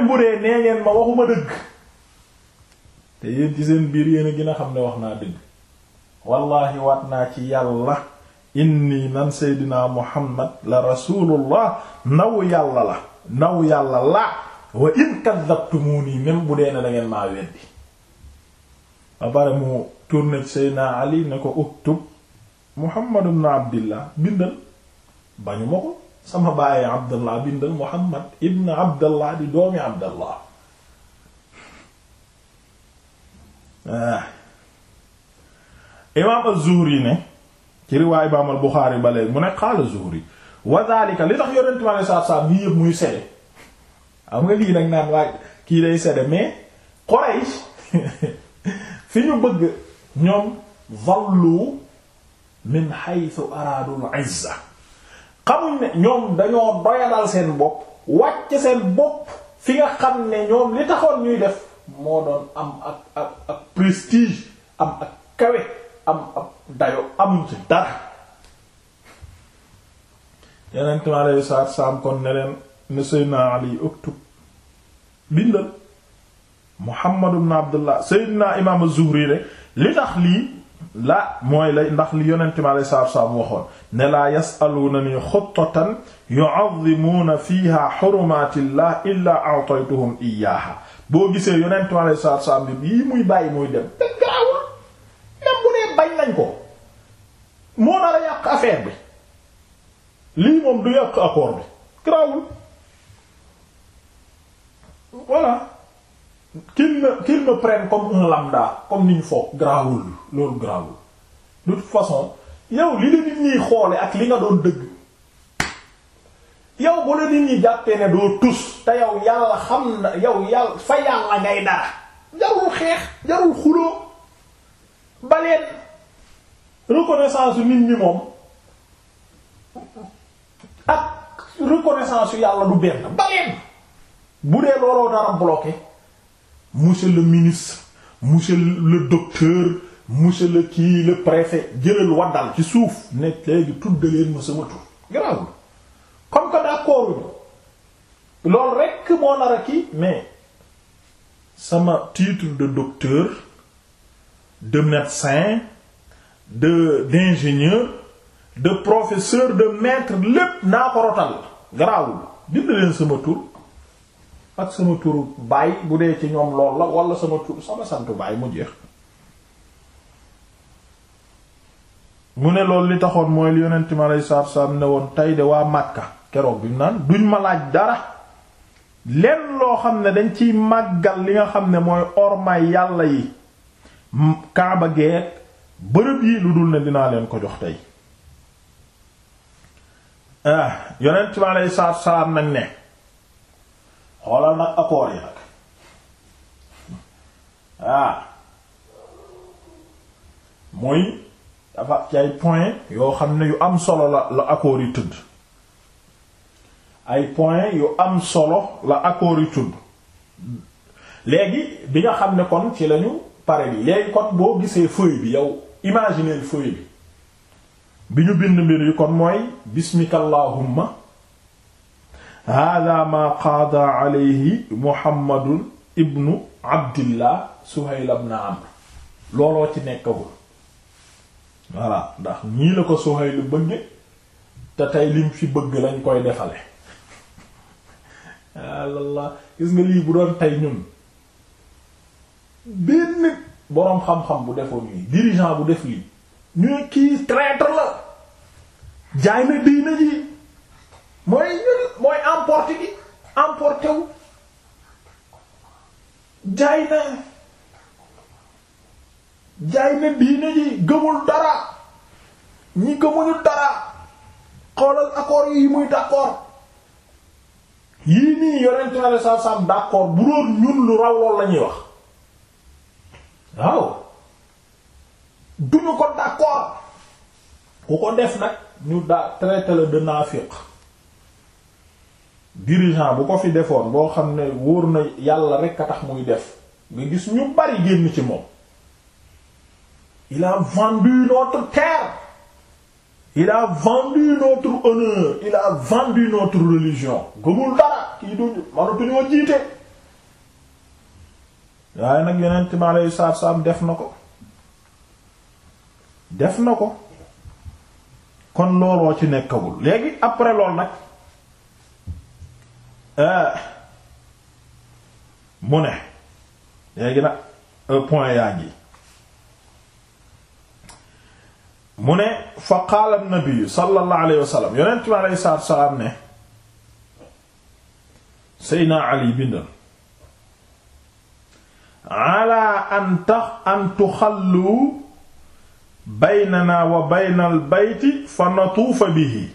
bu dee te biir yéen a gën xam ne wax naa dëgg wallahi naa ci yàlla inni man seydinaa muhammad la rasulullah ndaw yàlla la ndaw yàlla laa wa bu dee ne da ngeen maa weddi ba pare mu tourné ci Seydina Ali ne ko uktub Muhammad ibn Abdillah bindal bañu ko sama bàyyee Abdallah bindal Muhammad ibn Abdallah di doomi Abdallah ah. imaam az-Zuhri ne ci riwaay imaam al ba léegi mu ne qaala zuhri wa dhalika li tax yonent ma ne saab saab lii yëpp muy sede am nga lii nag naan waaye kii day sede mais Quraysh fi ñu bëgg ñoom vallu min haythu araadul izza xamuñ ne ñoom dañoo doyalal seen bopp wàcc seen bopp fi nga xam ne ñoom li taxoon ñuy def moo doon am ak ak ak prestige am ak kawe am ak dayo amuñ ci dara yeneen time alay saat saam kon ne leen ne Seydina Ali uktub bindal Muhammad ibn Abdullah Seydina imaam az-Zuhri li tax lii la mooy la ndax li yonente mi alayhi waxoon ne laa yas'aluunanii xuttatan yu'azzimuuna boo gisee yonente mi alayhi salaatu wassalaam bi muy bàyyi muy dem te gaawul même bu bañ nañ ko moo nar a yàq affaire bi lii moom du yàq accord bi gaawul voilà qu'il me qu'il me comme un lambda comme ni ñu foog grawul loolu grawul de toute façon yow li la nit ñiy xoole ak li nga doon dëgg yow bu la nit ñi jàppee ne doo tus te yow yàlla xam na yow yàlla fa yàlla ngay dara jarul xeex jarul xuloo baleen reconnaissance yu nit ñi moom ak reconnaissance yu yàlla du benn baleen bu dee looloo dara bloqué monsieur le ministre monsieur le docteur monsieur le kii le préfet jëlal waddal ci suuf ne léegi tudd leen ma sama tur garaawul comme que d'accord loolu rekk moo nar a kii mais sama titre de docteur de médecin de d'ingénieur de professeur de maître lépp naa ko rotal garaawul bind leen sama tur ak sama turu baay bu dee ci ñoom lool la wala sama turu sama santu baay mu jeex mu ne loolu li taxoon mooy li yonent ma lay saab ne woon tey de waa Makka keroog bi mu naan duñ ma laaj dara lenn loo xam ne dañ ci màggal li nga xam ne mooy ormaay yàlla yi kaaba geek bërëb yi lu dul ne dinaa leen ko jox tey ah yonent ma lay nag ne xoolal nag accords yi nag ah mooy dafa ci ay point yoo xam ne yu am solo la la accords tudd ay point yu am solo la accords yi tudd léegi bi nga xam ne kon ci lañu pare bi léegi kon boo gisee feuille bi yow imaginer feuille bi bi ñu bind mbir yi kon mooy bismikallahumma hada maa qaada alayhi muhammadun ibnu abdillah suhayl ibn amr looloo ci nekkagul voilà ndax ñii la ko suhayl bëgge te tey lim fi bëgg lañ koy defale allah gis nga lii bu doon tey ñun benn boroom xam-xam bu defoon lii dirigeant bu def yi ñu kii traître la jaay na diina ji mooy ñun mooy emporté gi emporté wu jaay na jaay na diine ji gëmul dara ñi gëmuñu dara xoolal accords yi muy d'accord yii nii yonentu Yàlla sa sam d'accord bu doon ñun lu raw lool la ñuy wax waaw duñu ko d'accord ku ko def nag ñu daa traité le de naafiq dirigeant bu ko fi defoon boo xam ne wóor na yàlla rek a tax muy def nga gis ñu bari génn ci moom il a vendu notre terre il a vendu notre honneur il a vendu notre religion gëmul dara kii du mënatuñoo jiite waaye nag yeneen time alay saab def na ko def na ko kon looloo ci nekkagul léegi après lool nag Euh, mu ne léegi nag point yaa ngi mu ne fa qaala nabiyu sallallahu alayhi wa sallam yonent bi alayhi salaatu wa salaam ne Seydina Ali bindal ala an tax an tuxallu baynana wa bayna al bayti fa natuufa bihi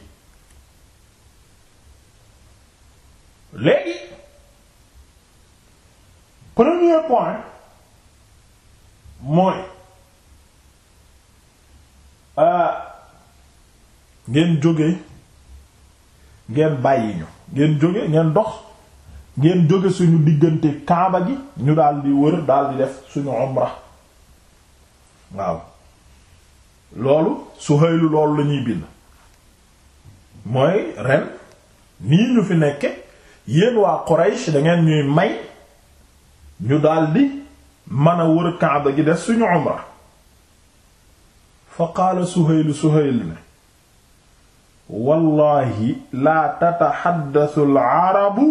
premier point mooy euh, ngeen jóge ngeen bàyyi ñu ngeen jóge ngeen dox ngeen jóge suñu diggante kaaba gi ñu daldi wër daldi def suñu umra waaw loolu Suhaylu loolu la ñuy bind mooy ren nii ñu fi nekke yéen waa Quraysh da ngeen ñuy may ñu daldi mën a wër kaaba gi def suñu umra fa qaala suhaylu suhaylu ne wallaahi laa al-arabu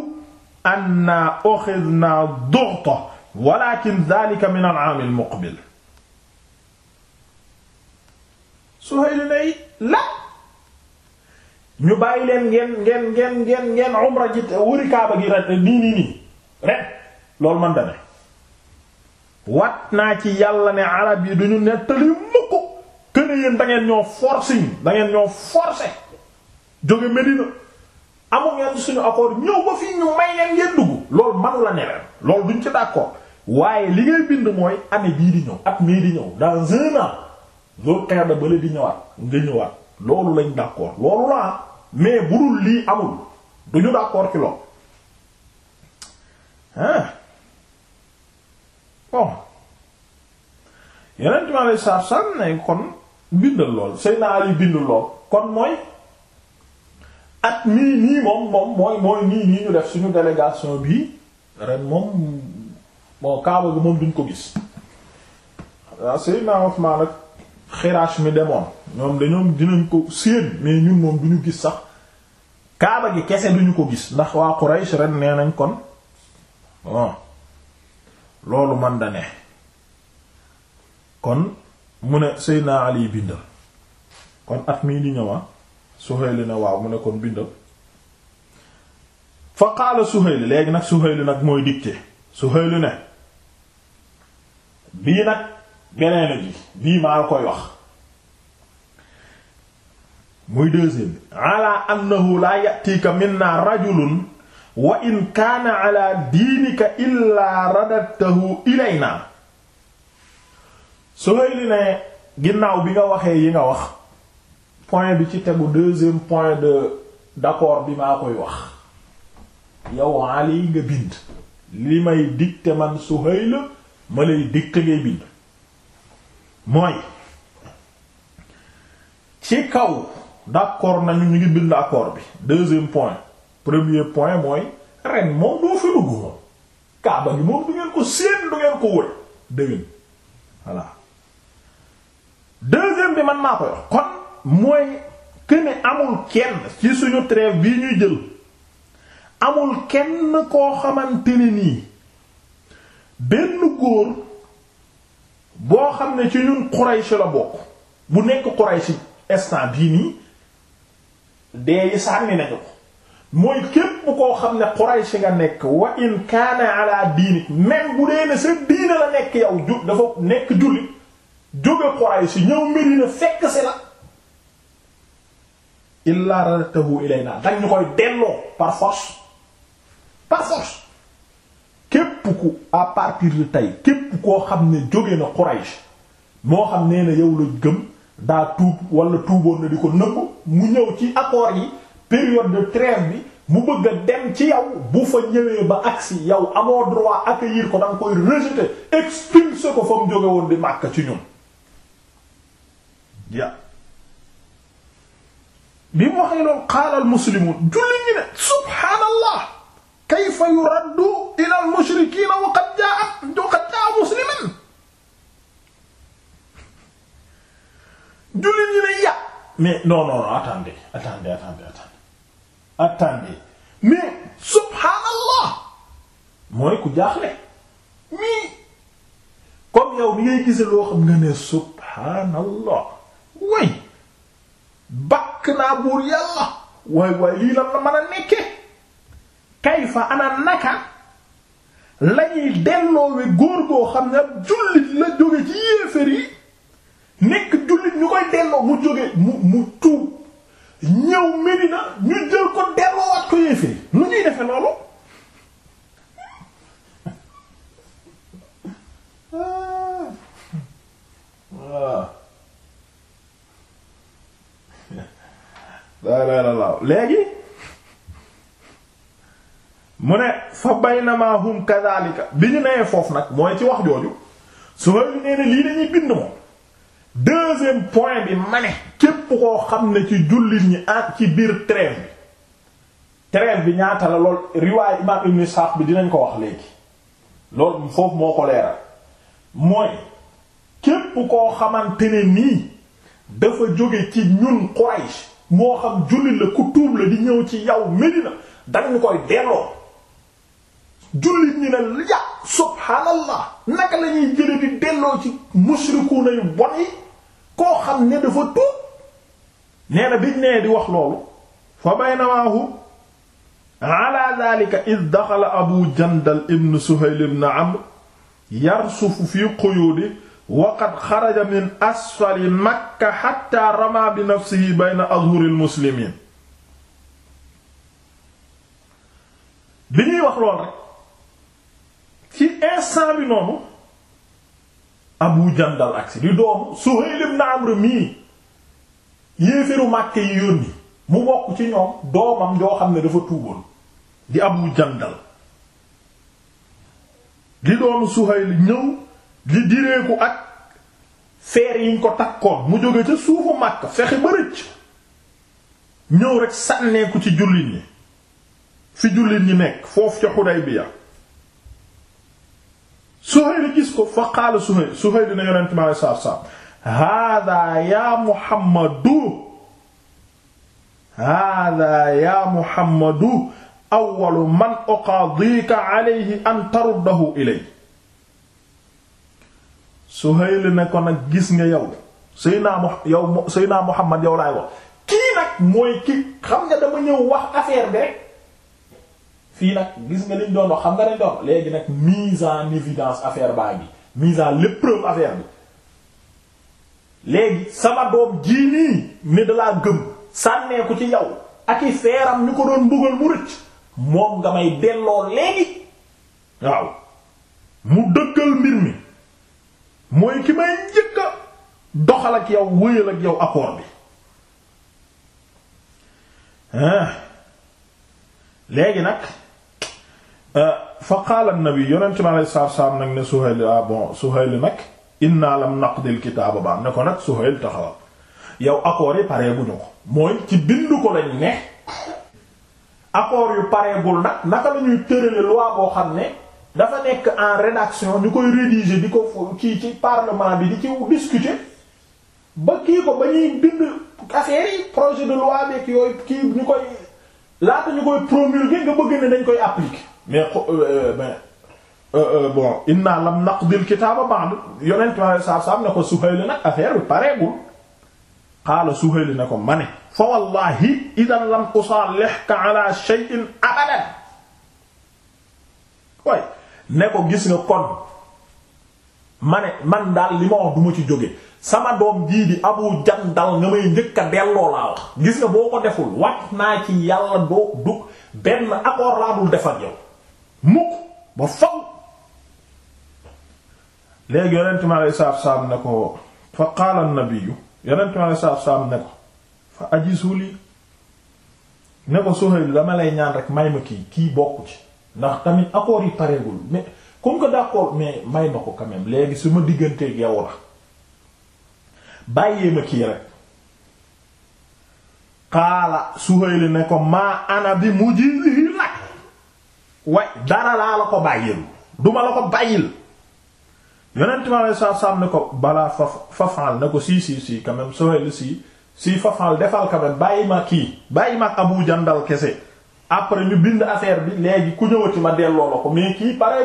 annaa uxidnaa dughta walaakin daalika min al-aam al-muqbil suhaylu ne la ñu bàyyi leen ngeen gen gen ngeen ngeen ji wëri kaaba gi ren nii nii nii loolu man da wat naa ci yàlla ne arab yi duñu nettali mukk këne yéen da ngeen ñoo forcé da ngeen ñoo forcé jóge Medina amu ngeen suñu accord ñëw ba fii ñu may leen ngeen dugg loolu manu la ne leen loolu ci d'accord waaye li ngay bind mooy année bii di ñëw at mii di ñëw dans un an di ñëwaat loolu lañ d'accord loolu la ah. mais bu dul lii amul duñu d'accord ci loolu ah bon yeneen time ale saaf saaf ne kon bindal lool Seydina Ali bindal lool kon mooy at nii nii moom moom mooy nii nii ñu def suñu délégation bii ren moom bon Kaaba gi moom duñ ko gis waaw ah, Seydina Usmaan ak xiraas mi demoon ñoom dañoom dinañ ko séen mais ñun moom duñu gis sax Kaaba gi kese duñu ko gis ndax waa Quraysh ren nee nañ kon bon loolu man da kon mu ne Seydina Ali bindal kon at mii di ñëwa ah, Suhayl ne waaw mu ne kon bindal fa qaala Suhayl léegi nag Suhayl nag mooy dicté Suhayl ne bii nag beneen bi bii maa koy wax muy deuxième ala annahu la yatika minna rajulun wa in kaana ala diinika illaa radadtahu ilayna Suhayl ne ginnaaw bi nga waxee yi nga wax point bi ci tegu deuxième point de d'accord bi maa koy wax yow Ali nga bind li may dicter man Suhayl ma lay dicter ngay bind mooy ci kaw d'accord nañu ñu ngi bind accord bi deuxième point premier point mooy ren moom doo fi dugg moom kaaba gi moom du ngeen ko séen du ngeen ko wër déwén voilà deuxième bi man maa ko wax kon mooy que amul kenn ci suñu trêve bii ñuy jël amul kenn koo xamante ni nii benn góor boo xam ne ci ñun Quraysh la bokk bu nekk Quraysh instant bii nii dee yi sànni nañu ko mooy képp koo xam ne Quraysh nga nekk wa in kaana ala diinik même bu dee ne diina la nekk yow ju dafa nekk jullit jóge Quraysh ñëw Medina fekk si la illa radatahu ilayna dañ ñu koy delloo par force képp ku à partir de tey képp koo xam ne jóge na Quraysh moo xam nee na yow la gëm daa tuub wala tuuboon na di ko nëbb mu ñëw ci accord yi période de bi mu bëgg a dem ci yow bu fa ñëwee ba agsi yow amoo droit accueillir ko da koy rejeter expulser ko fa mu jóge woon di màkk ci ñun ya bi mu waxee loolu qaala al muslimun ñi ne subhaanallah kayfa yuraddu ila al mushrikiina ñi ne ya mais non non attendez attendez attendez attendez attendez mais subhaanallah mooy ku jaaxle mii comme yow mi ngay gise loo xam nga ne subhaanallah way bakk naa buur yàlla waay waay lii la mën a nekke kayfa ana naka lañuy delloowe góor goo xam ne ab jullit la jóge ci yéefér yi nekk jullit ñu koy delloo mu jóge mu mu tuub ñëw Medina ñu jël ko delloowaat ko yéefee lu ñuy defe loolu waaw léegi mu ne fa baynama hum kadhalika bi ñu newee foofu nag mooy ci wax jooju su hëy nee ne lii dañuy bind moom deuxième point bi ma ne képp koo xam ne ci jullit ñi ak ci biir trêve bi trêve bi ñaata la lool riwaay imaam ibn Ishaq bi dinañ ko wax léegi loolu foofu moo ko leeral mooy képp koo xamante ne nii dafa jóge ci ñun Quraysh moo xam jullit la ku tuub la di ñëw ci yow Medina danga ñu koy delloo jullit ñi ne ya subhaanallah naka la ñuy jële di delloo ci mushrikuuna yu bon yi koo xam ne dafa tuub nee na biñ nee di wax loolu fa baynamahum ala dalika id daxala abu jandal ibn suhayl ibn amr yarsufu fi quyuudi wa qad xaraja min asfali makka xatta rama bi nafsihi bayna adhuril muslimiin bi ñuy wax loolu rek ci instant bi noonu Abu Jandal agsi di doomu Suhayl ibn Amr mii yéeféru Màkke yi yónni mu bokk ci ñoom doomam joo xam ne dafa tuuboon di Abu Jandal di doomu Suhayl ñëw di direeku ak feer yiñ ko takkoon mu jóge ca suufu Màkka fexe ba rëcc ñëw rek sànneeku ci jullit ñi fi jullit ñi nekk foofu ca Xudaybiya Suhayl gis ko fa qaala Suhayl Suhayl dina yonent mi alayhi salaatu salaam haadaa yaa Muhammadu haadaa yaa Muhammadu awwalu man uqaadiika alayhi an taruddahu ilay Suhayl ne ko nag gis nga yow Seydina Mu yow mu Muhammad yow laay wax kii nag mooy ki xam nga dama ñëw wax affaire bi fii nag gis nga liñ doon wax xam nga dañ doon léegi nag mise en évidence affaire baa ngi mise à l'épreuve affaire bi léegi sama doom jii nii ne dalaa gëm sànnee ci yaw ak i feeram ñu ko doon mbugal mu rëcc moom nga may delloo léegi waaw mu dëggal mbir mi mooy ki may njëkka doxal ak yow wëyal ak yow accord bi léegi nag Euh, fa qaala an-nabi yonent mi alayhi salaatu salaam nag ne Suhayl ah bon Suhayl nag naa la inna lam naqdil kitaaba ba ne ko nag Suhayl taxawal yow accords yi pareeguñu ko mooy ci bindu ko lañ ne accords yu pareegul nag naka la ñuy tërale loi boo xam ne dafa nekk en rédaction ñu koy rédiger di ko kii ci parlement bi di ci discuter ba kii ko ba ñuy bind affaire yi projet de loi beeg yooyu kii ñu koy laata ñu koy promulguer nga bëgg ne dañ koy appliquer. mais euh, euh, euh, bon inna lam naqdil kitaaba ba'd yonent ma saab saab ne ko Suhayl nag affaire bi pareegul qaala Suhayl ko ma ne fa wallahi idan lam usaalihka ala shay'in abadan way ne ko gis nga kon ma man daal li ma ci jóge sama doom jii di Abu Jandal nga may njëkk a delloo laa wax gis nga boo ko deful wax naa ci yàlla doo dug benn accord laa dul defal yow mukk ba faw léegi yonent mi aleyhi salaatu salaam ne ko fa qaala an-nabiyyu yonent mi aleyhi salaatu salaam ne ko fa ajizu lii ne ko Suhayl dama lay ñaan rek may ma kii kii bokk ci ndax tamit accords yi pareegul mais comme que d'accord mais may ma ko quand léegi su ma digganteeg yow la bàyyee ma kii rek qaala Suhayl ne ko maa ana bi mujizii way dara laa la ko bàyyil duma la ko bàyyil yonent mi alei satu salaam ne ko balaa fa fafaal ne ko si si si quand même soel si si fafaal defal quand même bàyyi ma kii bàyyi ma Abu Jandal kese après ñu bind affaire bi léegi ku ñëwati ma delloo la ko mais kii ma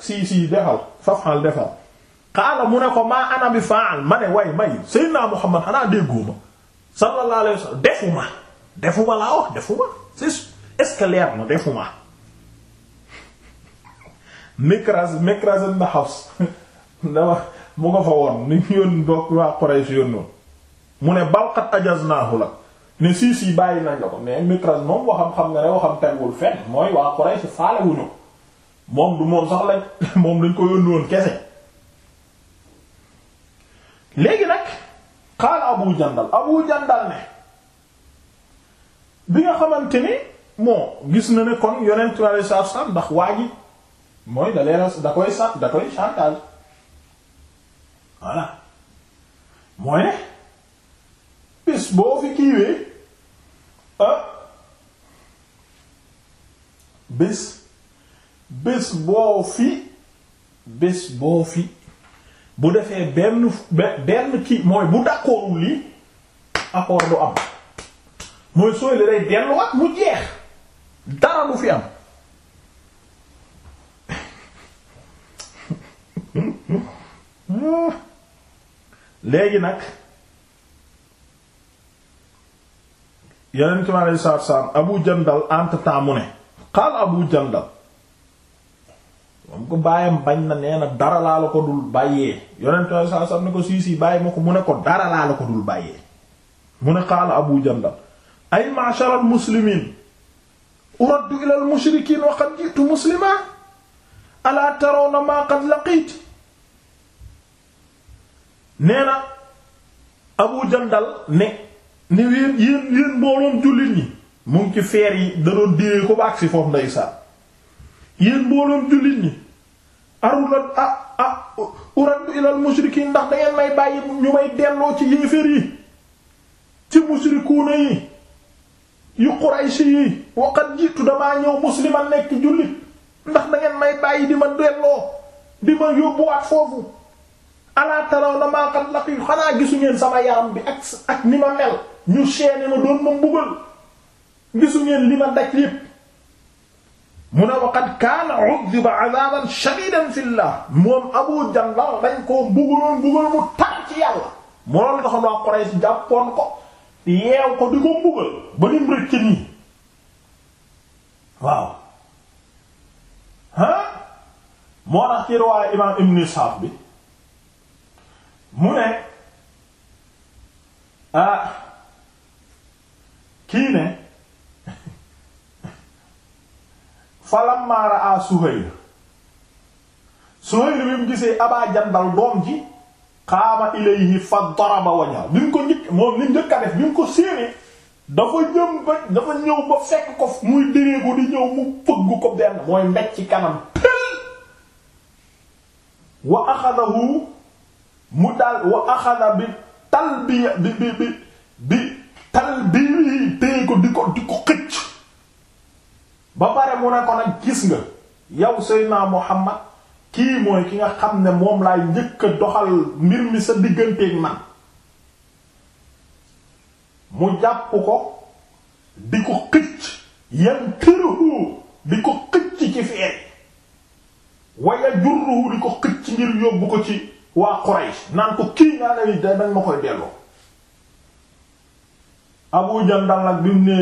si mu ne ko maa ana bi ma ne way may Seydina Muhammad xanaa déggoo ma sallallahu alayhi wasallam defuma defuma laa wax defuma c'est est-ce que leer na defuma Mikraz Mikraz ibn mu nga fa woon ni yoon bokk waa Quraysh yoon noonu mu ne balqat ajaznaahu la ne sii sii bàyyi nañ ko mais Mikraz moom waxam xam nga ne waxam teguwul fenn mooy waa Quraysh faale wu moom du moom sax lañ moom lañ ko yónni woon kese léegi nag qaala Abu Jandal Abu Jandal ne bi nga xamante ni bon gis na ne kon yonent wala saaf saaf ndax waa ji mooy da leena da koy sa da koy chantage voilà mooy ne bis boo fi kiiwee ah bis bis boo fi bu defee benn benn kii mooy bu d'accordul lii accord du am mooy sooy la day delluwaat mu jeex dara du fi am léegi nag yeneen ci ma lay saar Abu Jandal entre temps mu ne xaal Abu Jandal moom ko bàyyam bañ na nee na dara laa la ko dul bàyyee yeneen ci ma lay ko sii sii bàyyi ma ko mu ne ko dara laa la ko dul bàyyee mu ne xaal Abu Jandal ay ma'shar al uraddu ilal mushrikiin wa qad ji'tu musliman alaa tarawna maa qad laqiit nee na Abu Jandal ne ne yéen yéen yéen jullit ñi mu ngi ci feer yi da doon diwee ko ba agsi foofu ndeysaan yéen mbooloom jullit ñi arula ah ah uraddu ilal mushrikiin ndax dangeen may bàyyi ñu may delloo ci yéeféer yi ci mushrikuuna yi yu Quraysh yi waqat jiitu damaa ñëw musliman nekk jullit ndax da ngeen may bàyyi di ma delloo di ma yóbbuwaat foofu alaa taraw maa qad laqiitu xanaa gisu ngeen sama yaram bi ak ak ni ma mel ñu seeni ma doon ma mbugal gisu ngeen li ma daj yépp mu ne waqad kaana udiba adaban shadidan fi llah moom Abu Jandal ko koo mbuguloon mbugal mu tar ci yàlla moo loolu taxoon waa Quraysh jàppoon ko yeew ko di ko mbugal ba nim rëcc nii waaw ah moo tax ci riwaaya imaam ibn Sa'd bi mu ne ah kii ne falammaa ra'aa Suhayl Suhayl bi mu gisee Abaa Jandal doom ji xaama ilayhi fa daraba wajaw bi mu ko njëkk moom li njëkk a def bi mu ko séenee dafa ñëw ba fekk ko muy déreegu di ñëw mu fëgg ko benn mooy mbecc ci kanam pël wa axadahu mu daal wa axada bi talbiya bi bi bi bi talbiyi téye ko ko di ko xëcc ba pare mu ne ko nag gis nga yow Seydina Muhammad kii mooy ki nga xam ne moom laay njëkk a doxal mbir mi sa digganteeg man mu jàpp ko di ko xëcc yan tërahu di ko xëcc ci fee waya jurruhu di ko xëcc ngir yóbbu ko ci waa Quraysh naan ko kii naa ne dañ ma koy delloo Abu Jandal nag bi mu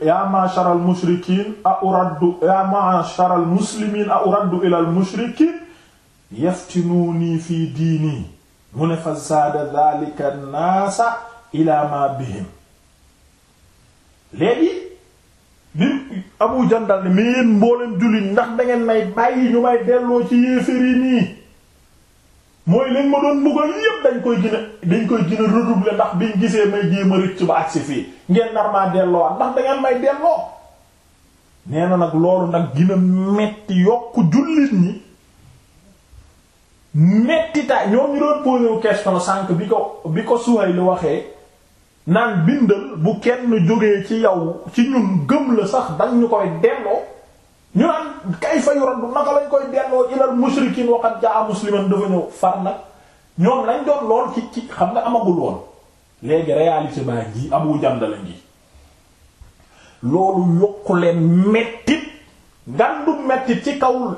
yaa ma'shar al mushrikiin a uraddu yaa ma'shar al muslimiin a uraddu ila al mushrikiin ci yaftinuunii fii diinii mu ne fa zaada dhalika naasa ilaa ma bihim léegi bi Abu Jandal mais yéen mbooleen jullit ndax dangeen may bàyyi ñu may delloo ci yéefér yi nii mooy lañ ma doon mbugal yépp dañ koy gën dañ koy gën a ndax biñ gisee may jéem a rëcc ba agsi fii ngeen nar maa delloo at ndax dangeen may delloo nee na nag loolu nag gën metti yokk jullit ñi mettitaay ñoom ñu doon posé wu question sànq bi ko bi ko Suhayl waxee naan bindal bu kenn jógee ci yow ci ñun gëm la sax dañ ñu koy delloo ñu naan kayfa yuraddu naka lañ koy delloo ilal mushrikiin wa qad jaa musliman dafa ñëw far nag ñoom lañ doon lool ci ci xam nga amagul woon léegi réalité baa ngi Abu Jandal la ngi loolu yokku leen mettit ngandum mettit ci kawul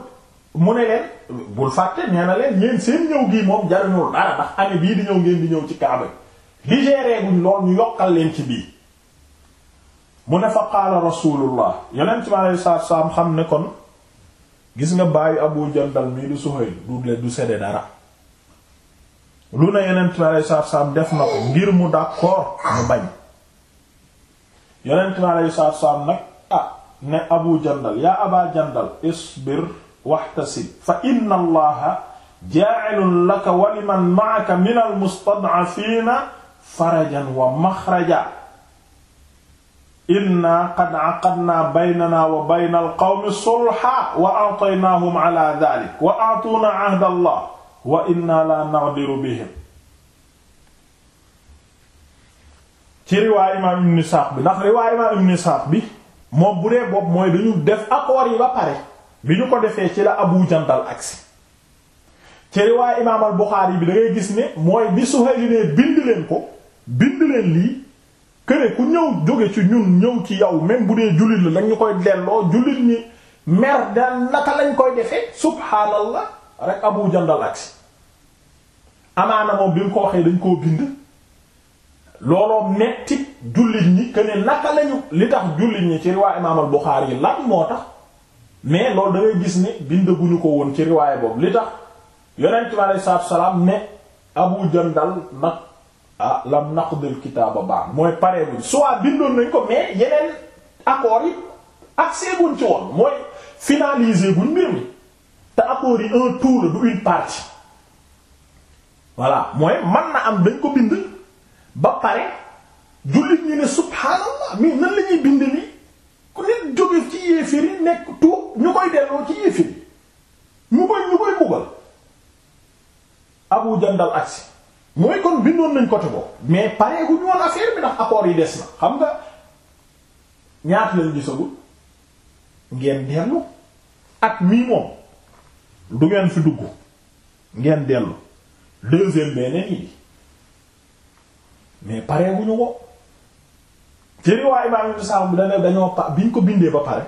mu ne leen bul fàtte nee na leen ñeen seen ñëw gii moom jariñul dara ndax année bii di ñëw ngeen di ñëw ci Kaaba bi guñ lool ñu yokkal leen ci bii mu ne fa qaala rasulullah yenn bi alei salatu salaam xam ne kon gis nga bàyyi Abu Jandal mii du Suhayl du du sedde dara lu ne yonent bi alei salatu salaam def na ko ngir mu d'accord mu bañ yonent bi alei salatu salaam nag ah ne Abu Jandal yaa Aba Jandal isbir wahtasib fa inna allaha jaa'ilun laka wa liman ma'aka min almustad'afiina farajan wa maxraja inna qad aqadna baynana wa bayna alqawmi sulha wa a'taynahum ala dhalik wa a'tuna 'ahda allah wa inna la naghdiru bihim ci riwaay imaam ibn Isaaq bi ndax riwaay imaam ibn Isaaq bi moom bu dee bopp mooy dañu def accord yi ba pare bi ñu ko defee ci la Abu Jandal agsi ci riwaay imaam al bi dangay gis ne mooy bi Suhayl ne bind leen ko bind leen lii këne ku ñëw jóge ci ñun ñëw ci yow même bu dee jullit la dañ ñu koy delloo jullit ñi mer daan naka lañ koy defee subhaanallah rek Abu Jandal agsi amaana bi mu ko waxee dañ koo bind looloo metti jullit ñi këne naka lañu li tax jullit ñi ci riwaay imaam al Buxaari moo tax mais loolu da ngay gis ne bindaguñu ko woon ci riwaay boobu li tax yonent bi aleyhi salaatu salaam ne Abu Jandal nag ah lam naqdil kitaaba baax mooy paree bi soit bindoon nañ ko mais yeneen accords yi accès guñ ci woon mooy finaliser guñ mbir mi te accords yi un tour du une partie voilà mooy man na am dañ ko bind ba pare jullit ñi ne subhaanallah mi nan la bind nii. nit jóge ci yéefir yi nekk tuub ñu koy delloo ci yéefir yi ñu koy ñu koy buggal abu jandal mooy kon bindoon nañ côté ko mais pare gu ñu woon affaire bi ndax accords yi des na xam nga ñaata lañ gisagul ngeen dellu at mii moom du ngeen fi dugg ngeen dellu deuxième beneen yi mais pare gu ñu ko ci riwaay imaam Ibn Sa'd bi dane dañoo pa bi ñu ko bindee ba pare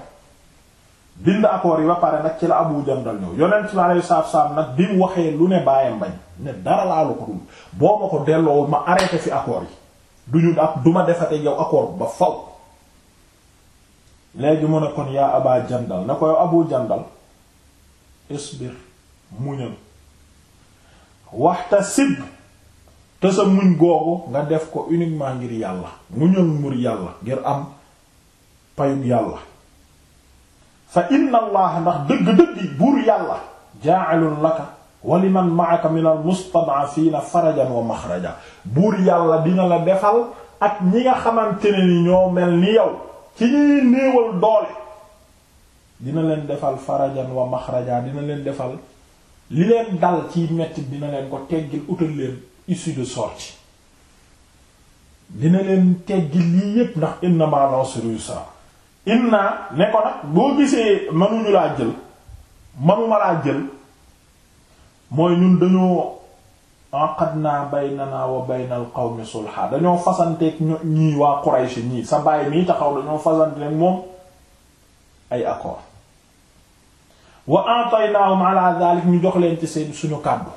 bind accord yi ba pare nag ci la Abu Jandal ñëw yonent bi alayhi salaatu salaam nag bi mu waxee lu ne bàyyam bañ ne dara laalu ko dul boo ma ko delloowul ma arrêté fi accord yi du ñu ak du ma defate yow accord ba faw léegi mu ne kon yaa Aba Jandal ne ko yow Abu Jandal isbir muñal waxtasib te sa muñ googu nga def ko uniquement ngir yàlla muñal mur yàlla ngir am payug yàlla fa inna ndax dëgg-dëgg buur yàlla ja'alun laka wa liman ma'aka min al mustad'afina farajan wa maxraja buur yàlla dina la defal ak ñi nga xamante ni ñoo mel ni yow ci ñuy néewal doole dina leen defal farajan wa maxraja dina leen defal li leen dal ci metti dina leen ko teggil utal leen issue de sortie dina leen teggi lii yépp ndax na ma nasru yusra inna ne ko nag boo gisee mënuñu laa jël manuma laa jël mooy ñun dañoo aqadna ah, baynana wa baynal qawmi sulha dañoo fasanteeg ño ñii waa Quraysh ñii sa baay mii taxaw dañoo fasanteeg moom ay accord wa ataynahum ala dhalik ñu jox leen ci seen suñu kàddu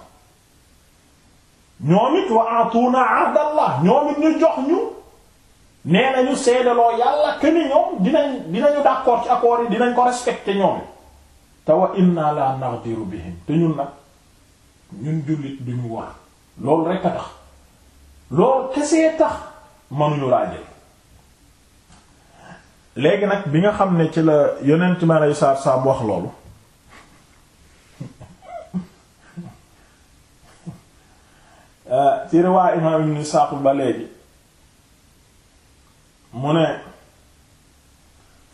ñoom it wa atuna ahdallah ñoom ñu jox ñu nee nañu seedaloo yàlla que ñoom dinañ dinañu d'accord ci accords yi dinañ ko respecter ñoom it te wa inna la naqdiru bihim te ñun nag ñun jullit duñu war loolu rekk a tax loolu kesee tax mënuñu laajee léegi nag bi nga xam ne ci la yonent ma yu saar saam wax loolu Eh, ci riwaay imaam ibn Isaaq ba léegi mu ne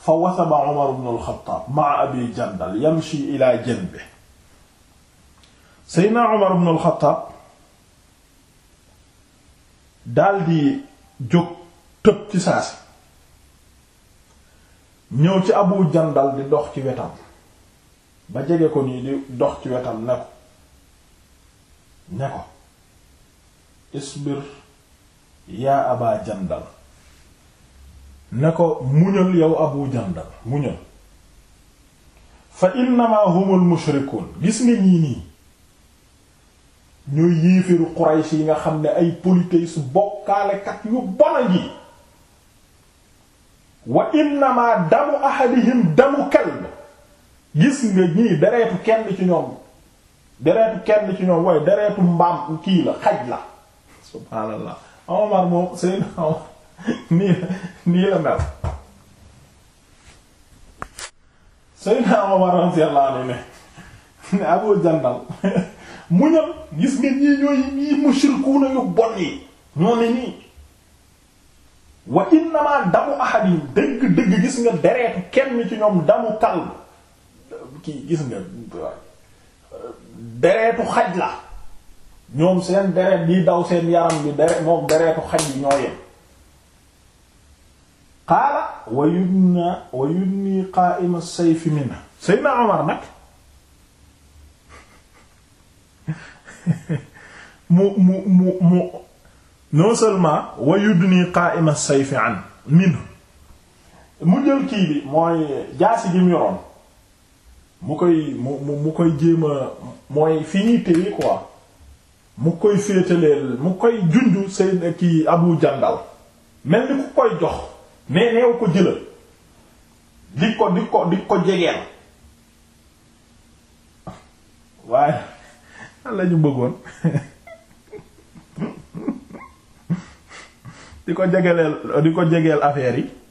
fa wasaba Umar ibn al-Khattab Abi Jandal yamshi ila janbi Seydina Umar ibn al-Khattab daldi jóg tëb ci saasi ñëw ci Abu Jandal di dox ci wetam ba jege ko nii di dox ci wetam ne ko ne ko isbir yaa aba jandal ne ko muñal yow abu jandal muñal fa innama humul mushrikun gis nga ñii nii ñooy yéefiru Quraysh yi nga xam ne ay polythéistes bokkaalekat yu bona ngi wa innama damu ahadihim damu kalb gis nga ñii dereetu kenn ci ñoom dereetu kenn ci ñoom waaye dereetu mbaam kii la xaj la subhaanallah Omar moom seen nii la nii la mel Seydina Omar radiyallahu anhu ne ne Abu Jandal mu ñam gis nga ñii ñooy ñii mushrikuuna yu bon yi ñoo ne nii wa innamaa damu ahadin dëgg dëgg gis nga dereetu kenn ci ñoom damu kalb kii gis nga dereetu xaj la ñoom seen deret bi daw seen yaram bi deret moom deretu xaj bi ñoo yem qaala wa yudna wa yudni qaa'ima sayfi minna Seydina Omar nag mu mu mu mu non seulement wa yudni qaa'ima sayfi an minhu mu jël kii bi mooy jaasi gi mu mu koy mu mu koy jéem mooy fi ñuy téye mu koy féetaleel mu koy junj seen ki abu jandal mel ni ku koy jox mais neew ko jëlal di ko di ko di ko jegeel waaye lan la bëggoon di ko jegeleel di ko jegeel affaire yi